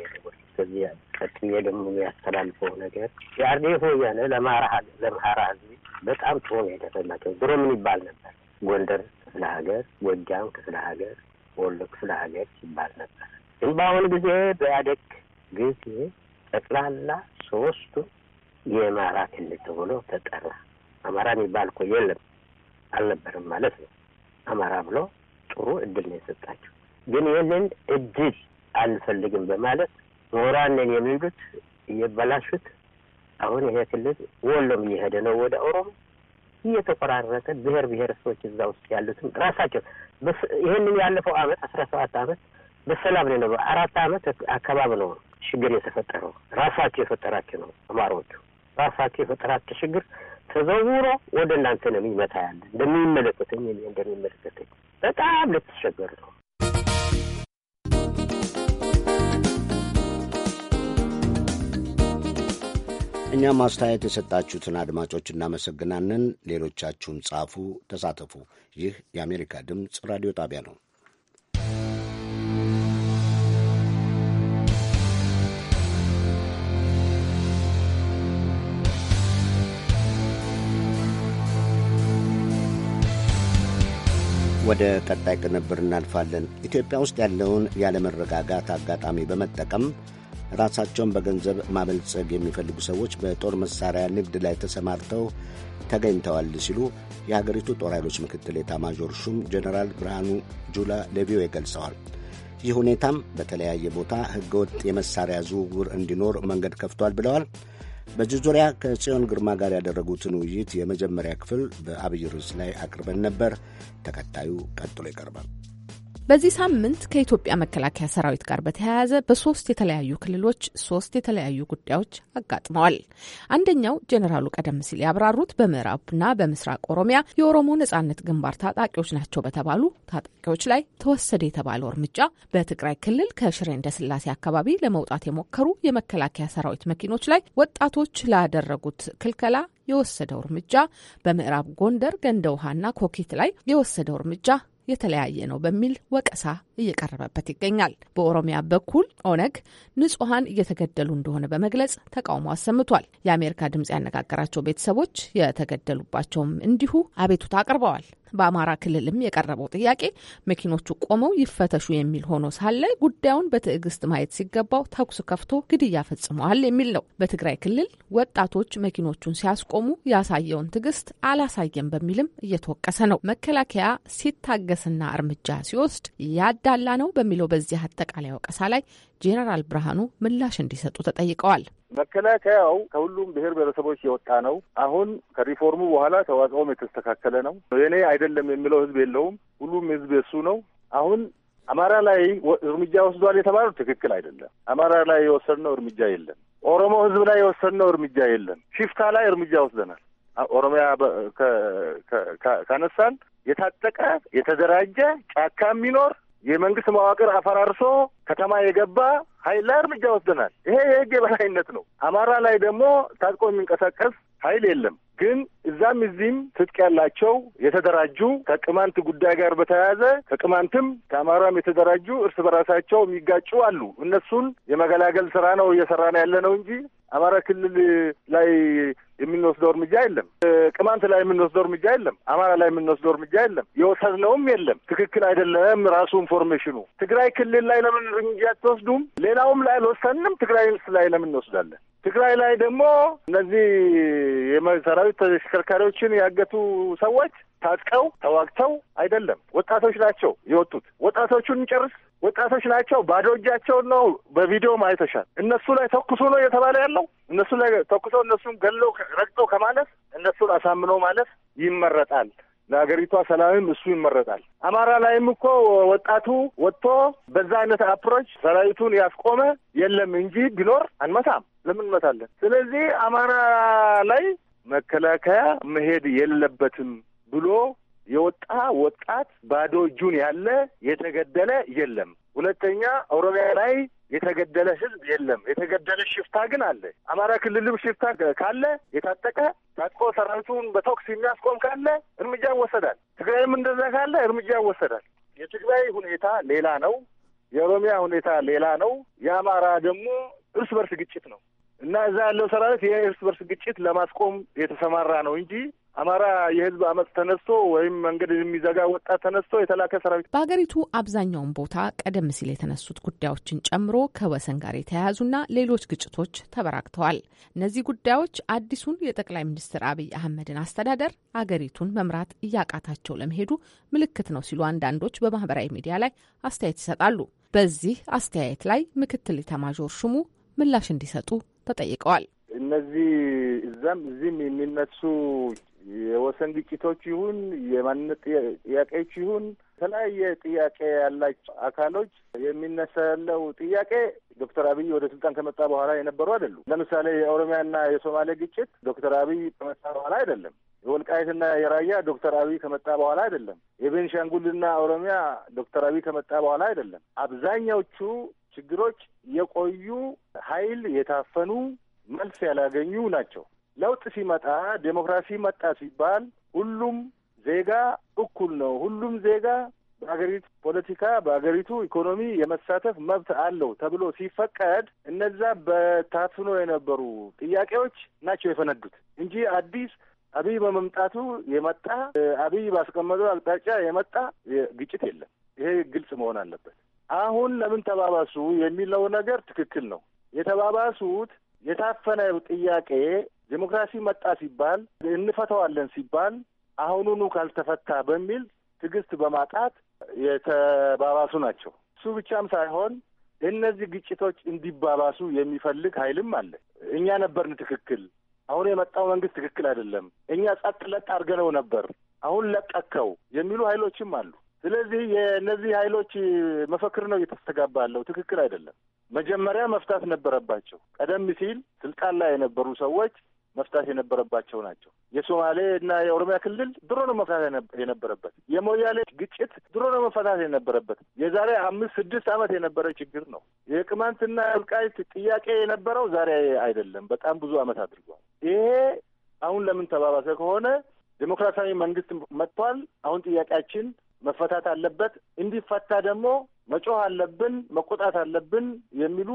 ከዚህ ቀጥሜ ደግሞ የሚያስተላልፈው ነገር የአርዴፍ ወያነ ለምሀራ ህዝቢ በጣም ጥሩ ነው የተሰላቸው። ድሮ ምን ይባል ነበር? ጎንደር ክፍለ ሀገር፣ ጎጃም ክፍለ ሀገር በወሎ ክፍለ ሀገር ሲባል ነበር። ግን በአሁኑ ጊዜ በኢህአዴግ ጊዜ ጠቅላላ ሶስቱ የአማራ ክልል ተብሎ ተጠራ። አማራ የሚባል እኮ የለም አልነበርም ማለት ነው። አማራ ብሎ ጥሩ እድል ነው የሰጣቸው። ግን ይህንን እድል አንፈልግም በማለት ምሁራን የሚሉት እየበላሹት፣ አሁን ይሄ ክልል ወሎም እየሄደ ነው ወደ ኦሮሞ እየተቆራረጠ ብሔር ብሔረሰቦች እዛ ውስጥ ያሉትን ራሳቸው ይህንን ያለፈው አመት አስራ ሰባት አመት በሰላም ነው የነበረው። አራት አመት አካባቢ ነው ችግር የተፈጠረው። ራሳቸው የፈጠራቸው ነው አማሮቹ ራሳቸው የፈጠራቸው ችግር ተዘውሮ ወደ እናንተ ነው የሚመታ ያለ እንደሚመለከተኝ እንደሚመለከተኝ በጣም ልትቸገሩ ነው። እኛም ማስተያየት የሰጣችሁትን አድማጮች እናመሰግናለን። ሌሎቻችሁም ጻፉ፣ ተሳተፉ። ይህ የአሜሪካ ድምፅ ራዲዮ ጣቢያ ነው። ወደ ቀጣይ ቅንብር እናልፋለን። ኢትዮጵያ ውስጥ ያለውን ያለመረጋጋት አጋጣሚ በመጠቀም ራሳቸውን በገንዘብ ማበልጸግ የሚፈልጉ ሰዎች በጦር መሳሪያ ንግድ ላይ ተሰማርተው ተገኝተዋል ሲሉ የሀገሪቱ ጦር ኃይሎች ምክትል ኤታማዦር ሹም ጀኔራል ብርሃኑ ጁላ ለቪኦኤ ገልጸዋል። ይህ ሁኔታም በተለያየ ቦታ ህገወጥ የመሳሪያ ዝውውር እንዲኖር መንገድ ከፍቷል ብለዋል። በዚህ ዙሪያ ከጽዮን ግርማ ጋር ያደረጉትን ውይይት የመጀመሪያ ክፍል በአብይ ርዕስ ላይ አቅርበን ነበር። ተከታዩ ቀጥሎ ይቀርባል። በዚህ ሳምንት ከኢትዮጵያ መከላከያ ሰራዊት ጋር በተያያዘ በሶስት የተለያዩ ክልሎች ሶስት የተለያዩ ጉዳዮች አጋጥመዋል። አንደኛው ጀኔራሉ ቀደም ሲል ያብራሩት በምዕራብና በምስራቅ ኦሮሚያ የኦሮሞ ነጻነት ግንባር ታጣቂዎች ናቸው በተባሉ ታጣቂዎች ላይ ተወሰደ የተባለው እርምጃ፣ በትግራይ ክልል ከሽሬ እንዳስላሴ አካባቢ ለመውጣት የሞከሩ የመከላከያ ሰራዊት መኪኖች ላይ ወጣቶች ላደረጉት ክልከላ የወሰደው እርምጃ፣ በምዕራብ ጎንደር ገንደ ውሃና ኮኬት ላይ የወሰደው እርምጃ የተለያየ ነው በሚል ወቀሳ እየቀረበበት ይገኛል። በኦሮሚያ በኩል ኦነግ ንጹሐን እየተገደሉ እንደሆነ በመግለጽ ተቃውሞ አሰምቷል። የአሜሪካ ድምጽ ያነጋገራቸው ቤተሰቦች የተገደሉባቸውም እንዲሁ አቤቱታ አቅርበዋል። በአማራ ክልልም የቀረበው ጥያቄ መኪኖቹ ቆመው ይፈተሹ የሚል ሆኖ ሳለ ጉዳዩን በትዕግስት ማየት ሲገባው ተኩስ ከፍቶ ግድያ ፈጽመዋል የሚል ነው። በትግራይ ክልል ወጣቶች መኪኖቹን ሲያስቆሙ ያሳየውን ትዕግስት አላሳየም በሚልም እየተወቀሰ ነው። መከላከያ ሲታገስና እርምጃ ሲወስድ ያዳላ ነው በሚለው በዚህ አጠቃላይ ወቀሳ ላይ ጄኔራል ብርሃኑ ምላሽ እንዲሰጡ ተጠይቀዋል። መከላከያው ከሁሉም ብሔር ብሔረሰቦች የወጣ ነው። አሁን ከሪፎርሙ በኋላ ተዋጽኦም የተስተካከለ ነው። የኔ አይደለም የሚለው ህዝብ የለውም። ሁሉም ህዝብ የሱ ነው። አሁን አማራ ላይ እርምጃ ወስዷል የተባለው ትክክል አይደለም። አማራ ላይ የወሰድነው እርምጃ የለም። ኦሮሞ ህዝብ ላይ የወሰድነው እርምጃ የለም። ሽፍታ ላይ እርምጃ ወስደናል። ኦሮሚያ ካነሳን የታጠቀ የተደራጀ ጫካ የሚኖር የመንግስት መዋቅር አፈራርሶ ከተማ የገባ ኃይል ላይ እርምጃ ወስደናል። ይሄ የህግ የበላይነት ነው። አማራ ላይ ደግሞ ታጥቆ የሚንቀሳቀስ ኃይል የለም። ግን እዛም እዚህም ትጥቅ ያላቸው የተደራጁ ከቅማንት ጉዳይ ጋር በተያያዘ ከቅማንትም ከአማራም የተደራጁ እርስ በራሳቸው የሚጋጩ አሉ። እነሱን የመገላገል ስራ ነው እየሰራ ነው ያለ ነው እንጂ አማራ ክልል ላይ የምንወስደው እርምጃ የለም። ቅማንት ላይ የምንወስደው እርምጃ የለም። አማራ ላይ የምንወስደው እርምጃ የለም። የወሰድነውም የለም። ትክክል አይደለም። ራሱ ኢንፎርሜሽኑ ትግራይ ክልል ላይ ለምን እርምጃ አትወስዱም? ሌላውም ላይ አልወሰንም። ትግራይ ላይ ለምን እንወስዳለን? ትግራይ ላይ ደግሞ እነዚህ የሰራዊት ተሽከርካሪዎችን ያገቱ ሰዎች ታጥቀው ተዋግተው አይደለም፣ ወጣቶች ናቸው የወጡት። ወጣቶቹን ጨርስ ወጣቶች ናቸው። ባዶ እጃቸውን ነው። በቪዲዮ አይተሻል። እነሱ ላይ ተኩሶ ነው እየተባለ ያለው። እነሱ ላይ ተኩሶ እነሱን ገሎ ረግጦ ከማለፍ እነሱን አሳምኖ ማለፍ ይመረጣል። ለሀገሪቷ ሰላምም እሱ ይመረጣል። አማራ ላይም እኮ ወጣቱ ወጥቶ በዛ አይነት አፕሮች ሰራዊቱን ያስቆመ የለም እንጂ ቢኖር አንመታም ለምን እንመታለን? ስለዚህ አማራ ላይ መከላከያ መሄድ የለበትም ብሎ የወጣ ወጣት ባዶ እጁን ያለ የተገደለ የለም። ሁለተኛ ኦሮሚያ ላይ የተገደለ ህዝብ የለም። የተገደለ ሽፍታ ግን አለ። አማራ ክልልም ሽፍታ ካለ የታጠቀ ታጥቆ ሰራዊቱን በተኩስ የሚያስቆም ካለ እርምጃ ይወሰዳል። ትግራይም እንደዛ ካለ እርምጃ ይወሰዳል። የትግራይ ሁኔታ ሌላ ነው። የኦሮሚያ ሁኔታ ሌላ ነው። የአማራ ደግሞ እርስ በርስ ግጭት ነው እና እዛ ያለው ሰራዊት ይህ እርስ በርስ ግጭት ለማስቆም የተሰማራ ነው እንጂ አማራ የህዝብ አመፅ ተነስቶ ወይም መንገድ የሚዘጋ ወጣት ተነስቶ የተላከ ሰራዊት በሀገሪቱ አብዛኛውን ቦታ ቀደም ሲል የተነሱት ጉዳዮችን ጨምሮ ከወሰን ጋር የተያያዙና ሌሎች ግጭቶች ተበራክተዋል። እነዚህ ጉዳዮች አዲሱን የጠቅላይ ሚኒስትር አብይ አህመድን አስተዳደር አገሪቱን መምራት እያቃታቸው ለመሄዱ ምልክት ነው ሲሉ አንዳንዶች በማህበራዊ ሚዲያ ላይ አስተያየት ይሰጣሉ። በዚህ አስተያየት ላይ ምክትል ኢታማዦር ሹሙ ምላሽ እንዲሰጡ ተጠይቀዋል። እነዚህ እዛም እዚህም የሚነሱ የወሰን ግጭቶች ይሁን የማንነት ጥያቄዎች ይሁን የተለያየ ጥያቄ ያላቸው አካሎች የሚነሳለው ጥያቄ ዶክተር አብይ ወደ ስልጣን ከመጣ በኋላ የነበሩ አይደሉም። ለምሳሌ የኦሮሚያና የሶማሌ ግጭት ዶክተር አብይ ከመጣ በኋላ አይደለም። የወልቃየትና የራያ ዶክተር አብይ ከመጣ በኋላ አይደለም። የቤንሻንጉልና ኦሮሚያ ዶክተር አብይ ከመጣ በኋላ አይደለም። አብዛኛዎቹ ችግሮች የቆዩ ኃይል የታፈኑ መልስ ያላገኙ ናቸው። ለውጥ ሲመጣ ዴሞክራሲ መጣ ሲባል ሁሉም ዜጋ እኩል ነው። ሁሉም ዜጋ በሀገሪቱ ፖለቲካ በሀገሪቱ ኢኮኖሚ የመሳተፍ መብት አለው ተብሎ ሲፈቀድ እነዛ በታፍኖ የነበሩ ጥያቄዎች ናቸው የፈነዱት እንጂ አዲስ አብይ በመምጣቱ የመጣ አብይ ባስቀመጠው አቅጣጫ የመጣ ግጭት የለም። ይሄ ግልጽ መሆን አለበት። አሁን ለምን ተባባሱ የሚለው ነገር ትክክል ነው። የተባባሱት የታፈነ ጥያቄ ዴሞክራሲ መጣ ሲባል እንፈተዋለን ሲባል አሁኑኑ ካልተፈታ በሚል ትዕግስት በማጣት የተባባሱ ናቸው። እሱ ብቻም ሳይሆን እነዚህ ግጭቶች እንዲባባሱ የሚፈልግ ኃይልም አለ። እኛ ነበርን ትክክል፣ አሁን የመጣው መንግስት ትክክል አይደለም፣ እኛ ጸጥ ለጥ አድርገነው ነበር፣ አሁን ለቀከው የሚሉ ኃይሎችም አሉ። ስለዚህ የእነዚህ ኃይሎች መፈክር ነው እየተስተጋባ ያለው ትክክል አይደለም። መጀመሪያ መፍታት ነበረባቸው። ቀደም ሲል ስልጣን ላይ የነበሩ ሰዎች መፍታት የነበረባቸው ናቸው። የሶማሌ እና የኦሮሚያ ክልል ድሮ ነው መፍታት የነበረበት። የሞያሌ ግጭት ድሮ ነው መፈታት የነበረበት። የዛሬ አምስት ስድስት ዓመት የነበረ ችግር ነው። የቅማንትና ወልቃይት ጥያቄ የነበረው ዛሬ አይደለም፣ በጣም ብዙ ዓመት አድርጓል። ይሄ አሁን ለምን ተባባሰ ከሆነ ዴሞክራሲያዊ መንግስት መጥቷል። አሁን ጥያቄያችን መፈታት አለበት። እንዲፈታ ደግሞ መጮህ አለብን፣ መቆጣት አለብን የሚሉ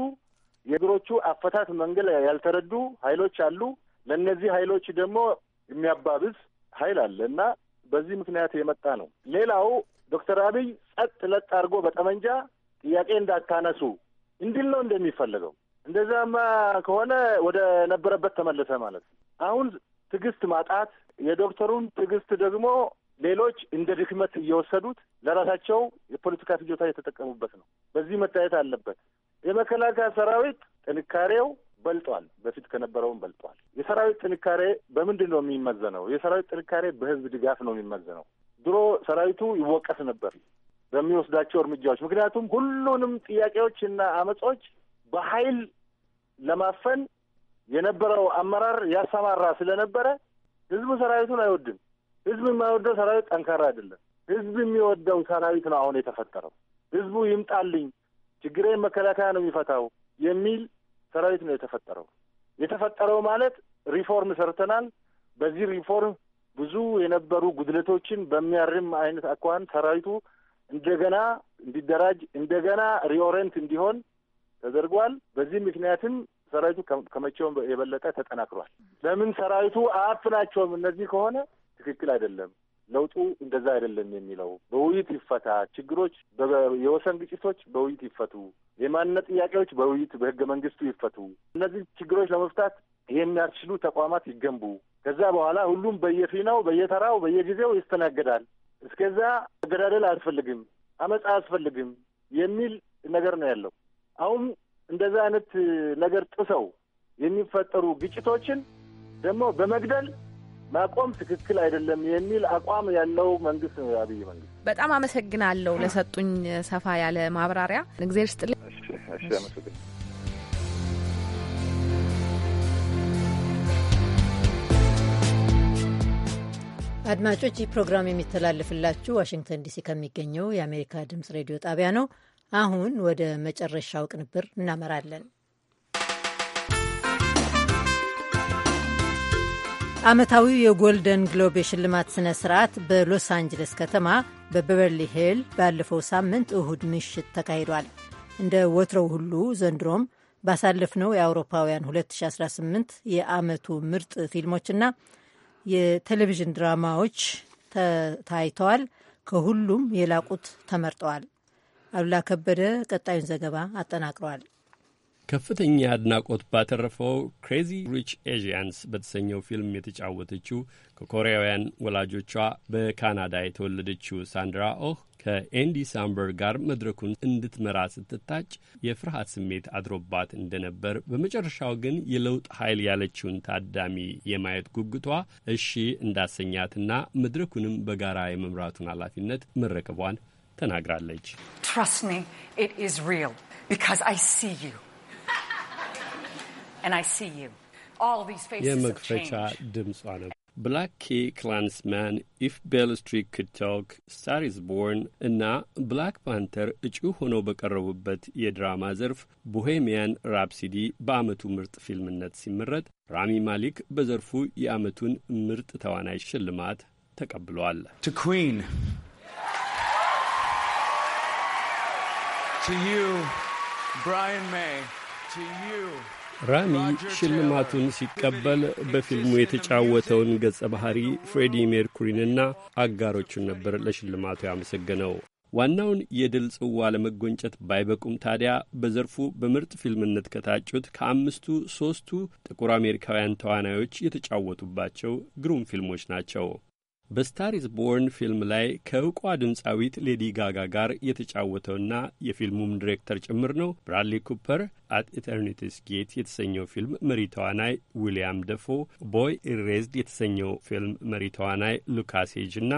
የእግሮቹ አፈታት መንገድ ያልተረዱ ኃይሎች አሉ። ለእነዚህ ኃይሎች ደግሞ የሚያባብስ ኃይል አለ እና በዚህ ምክንያት የመጣ ነው። ሌላው ዶክተር አብይ ጸጥ ለጥ አድርጎ በጠመንጃ ጥያቄ እንዳታነሱ እንዲል ነው እንደሚፈልገው። እንደዛማ ከሆነ ወደ ነበረበት ተመለሰ ማለት ነው። አሁን ትዕግስት ማጣት የዶክተሩን ትዕግስት ደግሞ ሌሎች እንደ ድክመት እየወሰዱት ለራሳቸው የፖለቲካ ፍጆታ እየተጠቀሙበት ነው። በዚህ መታየት አለበት። የመከላከያ ሰራዊት ጥንካሬው በልጧል። በፊት ከነበረውም በልጧል። የሰራዊት ጥንካሬ በምንድን ነው የሚመዘነው? የሰራዊት ጥንካሬ በህዝብ ድጋፍ ነው የሚመዘነው። ድሮ ሰራዊቱ ይወቀስ ነበር በሚወስዳቸው እርምጃዎች። ምክንያቱም ሁሉንም ጥያቄዎች እና አመጾች በኃይል ለማፈን የነበረው አመራር ያሰማራ ስለነበረ ህዝቡ ሰራዊቱን አይወድም። ህዝብ የማይወደው ሰራዊት ጠንካራ አይደለም። ህዝብ የሚወደው ሰራዊት ነው አሁን የተፈጠረው። ህዝቡ ይምጣልኝ፣ ችግሬን መከላከያ ነው የሚፈታው የሚል ሰራዊት ነው የተፈጠረው። የተፈጠረው ማለት ሪፎርም ሰርተናል። በዚህ ሪፎርም ብዙ የነበሩ ጉድለቶችን በሚያርም አይነት አኳን ሰራዊቱ እንደገና እንዲደራጅ እንደገና ሪኦሬንት እንዲሆን ተደርጓል። በዚህ ምክንያትም ሰራዊቱ ከመቼውም የበለጠ ተጠናክሯል። ለምን ሰራዊቱ አያፍናቸውም እነዚህ ከሆነ ትክክል አይደለም፣ ለውጡ እንደዛ አይደለም የሚለው በውይይት ይፈታ፣ ችግሮች፣ የወሰን ግጭቶች በውይይት ይፈቱ፣ የማንነት ጥያቄዎች በውይይት በህገ መንግስቱ ይፈቱ። እነዚህ ችግሮች ለመፍታት የሚያስችሉ ተቋማት ይገንቡ። ከዛ በኋላ ሁሉም በየፊናው በየተራው በየጊዜው ይስተናገዳል። እስከዛ መገዳደል አያስፈልግም፣ አመፃ አያስፈልግም የሚል ነገር ነው ያለው። አሁን እንደዛ አይነት ነገር ጥሰው የሚፈጠሩ ግጭቶችን ደግሞ በመግደል ማቆም ትክክል አይደለም የሚል አቋም ያለው መንግስት ነው የአብይ መንግስት። በጣም አመሰግናለሁ ለሰጡኝ ሰፋ ያለ ማብራሪያ እግዜር ስጥልኝ። አድማጮች ይህ ፕሮግራም የሚተላለፍላችሁ ዋሽንግተን ዲሲ ከሚገኘው የአሜሪካ ድምጽ ሬዲዮ ጣቢያ ነው። አሁን ወደ መጨረሻው ቅንብር እናመራለን። ዓመታዊው የጎልደን ግሎብ የሽልማት ሥነ ሥርዓት በሎስ አንጅለስ ከተማ በበቨርሊ ሄል ባለፈው ሳምንት እሁድ ምሽት ተካሂዷል። እንደ ወትሮው ሁሉ ዘንድሮም ባሳለፍነው የአውሮፓውያን 2018 የዓመቱ ምርጥ ፊልሞችና የቴሌቪዥን ድራማዎች ታይተዋል። ከሁሉም የላቁት ተመርጠዋል። አሉላ ከበደ ቀጣዩን ዘገባ አጠናቅረዋል። ከፍተኛ አድናቆት ባተረፈው ክሬዚ ሪች ኤዥያንስ በተሰኘው ፊልም የተጫወተችው ከኮሪያውያን ወላጆቿ በካናዳ የተወለደችው ሳንድራ ኦህ ከኤንዲ ሳምበር ጋር መድረኩን እንድትመራ ስትታጭ የፍርሃት ስሜት አድሮባት እንደነበር፣ በመጨረሻው ግን የለውጥ ኃይል ያለችውን ታዳሚ የማየት ጉጉቷ እሺ እንዳሰኛትና መድረኩንም በጋራ የመምራቱን ኃላፊነት መረከቧን ተናግራለች። Trust me, it is real because የመክፈቻ ድምጿ ነው። ብላክ ኪ ክላንስማን፣ ኢፍ ቤል ስትሪት ክድ ቶክ፣ ስታር ኢዝ ቦርን እና ብላክ ፓንተር እጩ ሆነው በቀረቡበት የድራማ ዘርፍ ቦሄሚያን ራፕሲዲ በዓመቱ ምርጥ ፊልምነት ሲመረጥ፣ ራሚ ማሊክ በዘርፉ የዓመቱን ምርጥ ተዋናይ ሽልማት ተቀብሏል። ቱ you, Brian May, ራሚ ሽልማቱን ሲቀበል በፊልሙ የተጫወተውን ገጸ ባህሪ ፍሬዲ ሜርኩሪንና አጋሮቹን ነበር ለሽልማቱ ያመሰገነው። ዋናውን የድል ጽዋ ለመጎንጨት ባይበቁም ታዲያ በዘርፉ በምርጥ ፊልምነት ከታጩት ከአምስቱ ሦስቱ ጥቁር አሜሪካውያን ተዋናዮች የተጫወቱባቸው ግሩም ፊልሞች ናቸው። በስታሪዝ ቦርን ፊልም ላይ ከእውቋ ድምፃዊት ሌዲ ጋጋ ጋር የተጫወተውና የፊልሙም ዲሬክተር ጭምር ነው ብራድሊ ኩፐር አት ኢተርኒቲስ ጌት የተሰኘው ፊልም መሪ ተዋናይ ዊልያም ደፎ፣ ቦይ ኢሬዝድ የተሰኘው ፊልም መሪ ተዋናይ ሉካሴጅ እና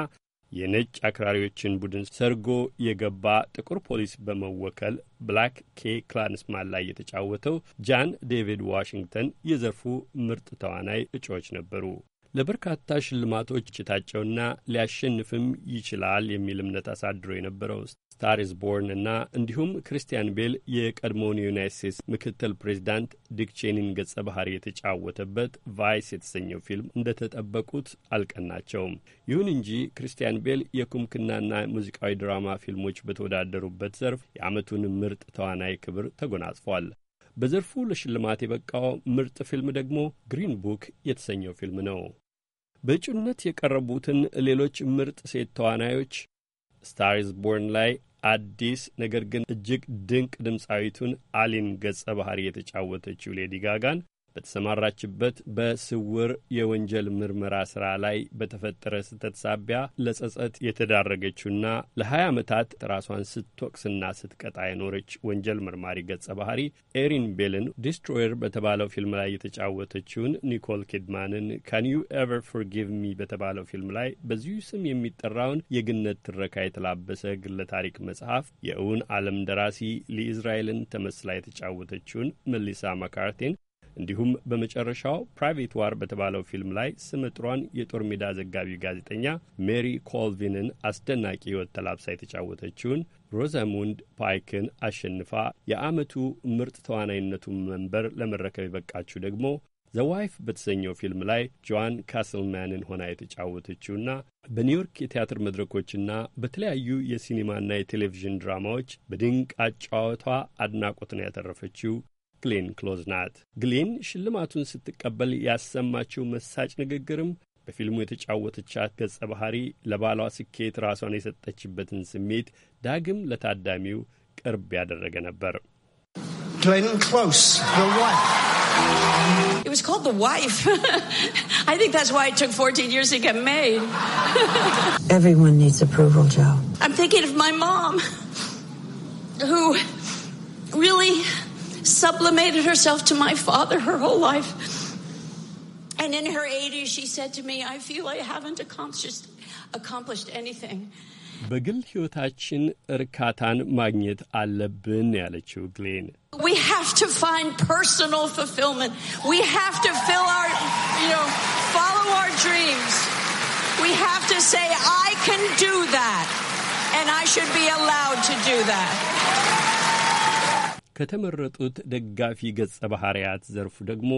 የነጭ አክራሪዎችን ቡድን ሰርጎ የገባ ጥቁር ፖሊስ በመወከል ብላክ ኬ ክላንስማን ላይ የተጫወተው ጃን ዴቪድ ዋሽንግተን የዘርፉ ምርጥ ተዋናይ እጩዎች ነበሩ። ለበርካታ ሽልማቶች የታጨውና ሊያሸንፍም ይችላል የሚል እምነት አሳድሮ የነበረው ስታር ኢዝ ቦርን እና እንዲሁም ክርስቲያን ቤል የቀድሞውን የዩናይት ስቴትስ ምክትል ፕሬዚዳንት ዲክ ቼኒን ገጸ ባህሪ የተጫወተበት ቫይስ የተሰኘው ፊልም እንደተጠበቁት አልቀናቸውም። ይሁን እንጂ ክርስቲያን ቤል የኩምክናና ሙዚቃዊ ድራማ ፊልሞች በተወዳደሩበት ዘርፍ የዓመቱን ምርጥ ተዋናይ ክብር ተጎናጽፏል። በዘርፉ ለሽልማት የበቃው ምርጥ ፊልም ደግሞ ግሪን ቡክ የተሰኘው ፊልም ነው። በእጩነት የቀረቡትን ሌሎች ምርጥ ሴት ተዋናዮች ስታርስ ቦርን ላይ አዲስ ነገር ግን እጅግ ድንቅ ድምፃዊቱን አሊን ገጸ ባህሪ የተጫወተችው ሌዲ ጋጋን በተሰማራችበት በስውር የወንጀል ምርመራ ስራ ላይ በተፈጠረ ስህተት ሳቢያ ለጸጸት የተዳረገችውና ለ20 ዓመታት ራሷን ስትወቅስና ስትቀጣ የኖረች ወንጀል መርማሪ ገጸ ባህሪ ኤሪን ቤልን ዲስትሮየር በተባለው ፊልም ላይ የተጫወተችውን ኒኮል ኪድማንን ካን ዩ ኤቨር ፎርጊቭ ሚ በተባለው ፊልም ላይ በዚሁ ስም የሚጠራውን የግነት ትረካ የተላበሰ ግለ ታሪክ መጽሐፍ የእውን ዓለም ደራሲ ሊእዝራኤልን ተመስላ የተጫወተችውን መሊሳ ማካርቴን እንዲሁም በመጨረሻው ፕራይቬት ዋር በተባለው ፊልም ላይ ስመጥሯን የጦር ሜዳ ዘጋቢ ጋዜጠኛ ሜሪ ኮልቪንን አስደናቂ ሕይወት ተላብሳ የተጫወተችውን ሮዛሙንድ ፓይክን አሸንፋ የዓመቱ ምርጥ ተዋናይነቱን መንበር ለመረከብ የበቃችው ደግሞ ዘዋይፍ በተሰኘው ፊልም ላይ ጆን ካስልማንን ሆና የተጫወተችውና በኒውዮርክ የቲያትር መድረኮችና በተለያዩ የሲኒማና የቴሌቪዥን ድራማዎች በድንቅ አጫዋቷ አድናቆትን ያተረፈችው ግሌን ክሎዝ ናት። ግሌን ሽልማቱን ስትቀበል ያሰማችው መሳጭ ንግግርም በፊልሙ የተጫወተቻት ገጸ ባህሪ ለባሏ ስኬት ራሷን የሰጠችበትን ስሜት ዳግም ለታዳሚው ቅርብ ያደረገ ነበር። sublimated herself to my father her whole life. And in her 80s, she said to me, I feel I haven't accomplished, anything. We have to find personal fulfillment. We have to fill our, you know, follow our dreams. We have to say, I can do that. And I should be allowed to do that. ከተመረጡት ደጋፊ ገጸ ባሕርያት ዘርፉ ደግሞ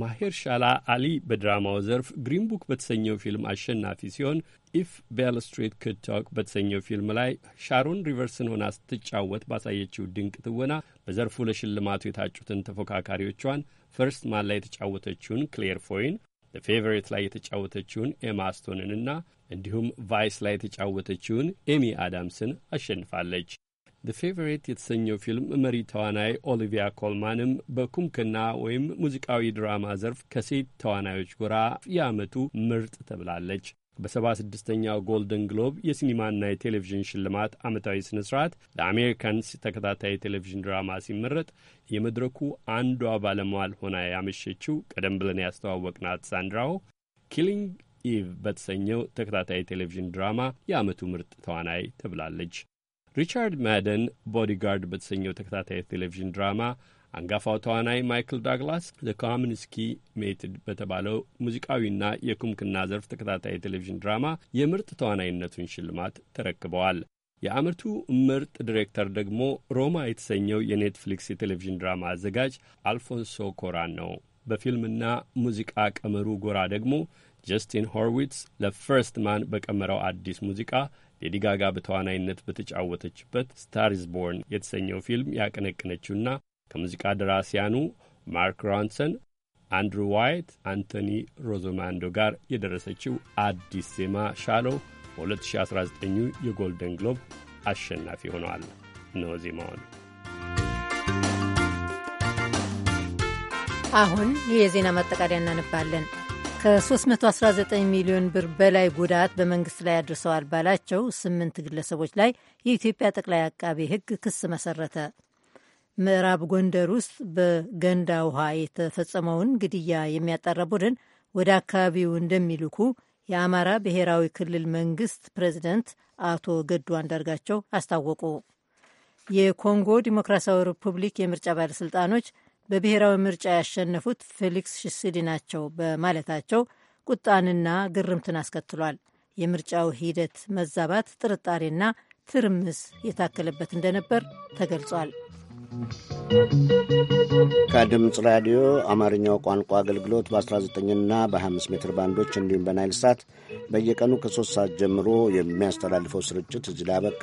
ማሄር ሻላ አሊ በድራማው ዘርፍ ግሪን ቡክ በተሰኘው ፊልም አሸናፊ ሲሆን ኢፍ ቤል ስትሪት ክቶክ በተሰኘው ፊልም ላይ ሻሮን ሪቨርስን ሆና ስትጫወት ባሳየችው ድንቅ ትወና በዘርፉ ለሽልማቱ የታጩትን ተፎካካሪዎቿን ፈርስት ማን ላይ የተጫወተችውን ክሌር ፎይን፣ ፌቨሬት ላይ የተጫወተችውን ኤማ ስቶንን እንዲሁም ቫይስ ላይ የተጫወተችውን ኤሚ አዳምስን አሸንፋለች። ዘ ፌቨሬት የተሰኘው ፊልም መሪ ተዋናይ ኦሊቪያ ኮልማንም በኩምክና ወይም ሙዚቃዊ ድራማ ዘርፍ ከሴት ተዋናዮች ጎራ የዓመቱ ምርጥ ተብላለች። በሰባ ስድስተኛው ጎልደን ግሎብ የሲኒማና የቴሌቪዥን ሽልማት ዓመታዊ ስነ ስርዓት ለአሜሪካንስ ተከታታይ የቴሌቪዥን ድራማ ሲመረጥ የመድረኩ አንዷ ባለሟል ሆና ያመሸችው ቀደም ብለን ያስተዋወቅናት ሳንድራው ኪሊንግ ኢቭ በተሰኘው ተከታታይ የቴሌቪዥን ድራማ የዓመቱ ምርጥ ተዋናይ ተብላለች። ሪቻርድ ማደን ቦዲጋርድ በተሰኘው ተከታታይ ቴሌቪዥን ድራማ አንጋፋው ተዋናይ ማይክል ዳግላስ ለካሚንስኪ ሜትድ በተባለው ሙዚቃዊና የኩምክና ዘርፍ ተከታታይ ቴሌቪዥን ድራማ የምርጥ ተዋናይነቱን ሽልማት ተረክበዋል። የአመቱ ምርጥ ዲሬክተር ደግሞ ሮማ የተሰኘው የኔትፍሊክስ የቴሌቪዥን ድራማ አዘጋጅ አልፎንሶ ኮራን ነው። በፊልምና ሙዚቃ ቀመሩ ጎራ ደግሞ ጀስቲን ሆርዊትስ ለፈርስት ማን በቀመረው አዲስ ሙዚቃ ሌዲ ጋጋ በተዋናይነት በተጫወተችበት ስታርዝ ቦርን የተሰኘው ፊልም ያቀነቀነችውና ከሙዚቃ ደራሲያኑ ማርክ ሮንሰን፣ አንድሩ ዋይት፣ አንቶኒ ሮዞማንዶ ጋር የደረሰችው አዲስ ዜማ ሻሎ በ2019 የጎልደን ግሎብ አሸናፊ ሆነዋል። እነሆ ዜማውን። አሁን ይህ የዜና ማጠቃለያ እናነባለን። ከ319 ሚሊዮን ብር በላይ ጉዳት በመንግስት ላይ አድርሰዋል ባላቸው ስምንት ግለሰቦች ላይ የኢትዮጵያ ጠቅላይ አቃቤ ሕግ ክስ መሰረተ። ምዕራብ ጎንደር ውስጥ በገንዳ ውሃ የተፈጸመውን ግድያ የሚያጣራ ቡድን ወደ አካባቢው እንደሚልኩ የአማራ ብሔራዊ ክልል መንግስት ፕሬዚደንት አቶ ገዱ አንዳርጋቸው አስታወቁ። የኮንጎ ዲሞክራሲያዊ ሪፑብሊክ የምርጫ ባለሥልጣኖች በብሔራዊ ምርጫ ያሸነፉት ፌሊክስ ሽስዲ ናቸው በማለታቸው ቁጣንና ግርምትን አስከትሏል። የምርጫው ሂደት መዛባት ጥርጣሬና ትርምስ የታከለበት እንደነበር ተገልጿል። ከድምፅ ራዲዮ አማርኛው ቋንቋ አገልግሎት በ19ና በ25 ሜትር ባንዶች እንዲሁም በናይል ሳት በየቀኑ ከሶስት ሰዓት ጀምሮ የሚያስተላልፈው ስርጭት እዚህ ላይ አበቃ።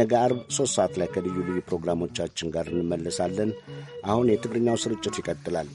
ነገ አርብ ሶስት ሰዓት ላይ ከልዩ ልዩ ፕሮግራሞቻችን ጋር እንመለሳለን። አሁን የትግርኛው ስርጭት ይቀጥላል።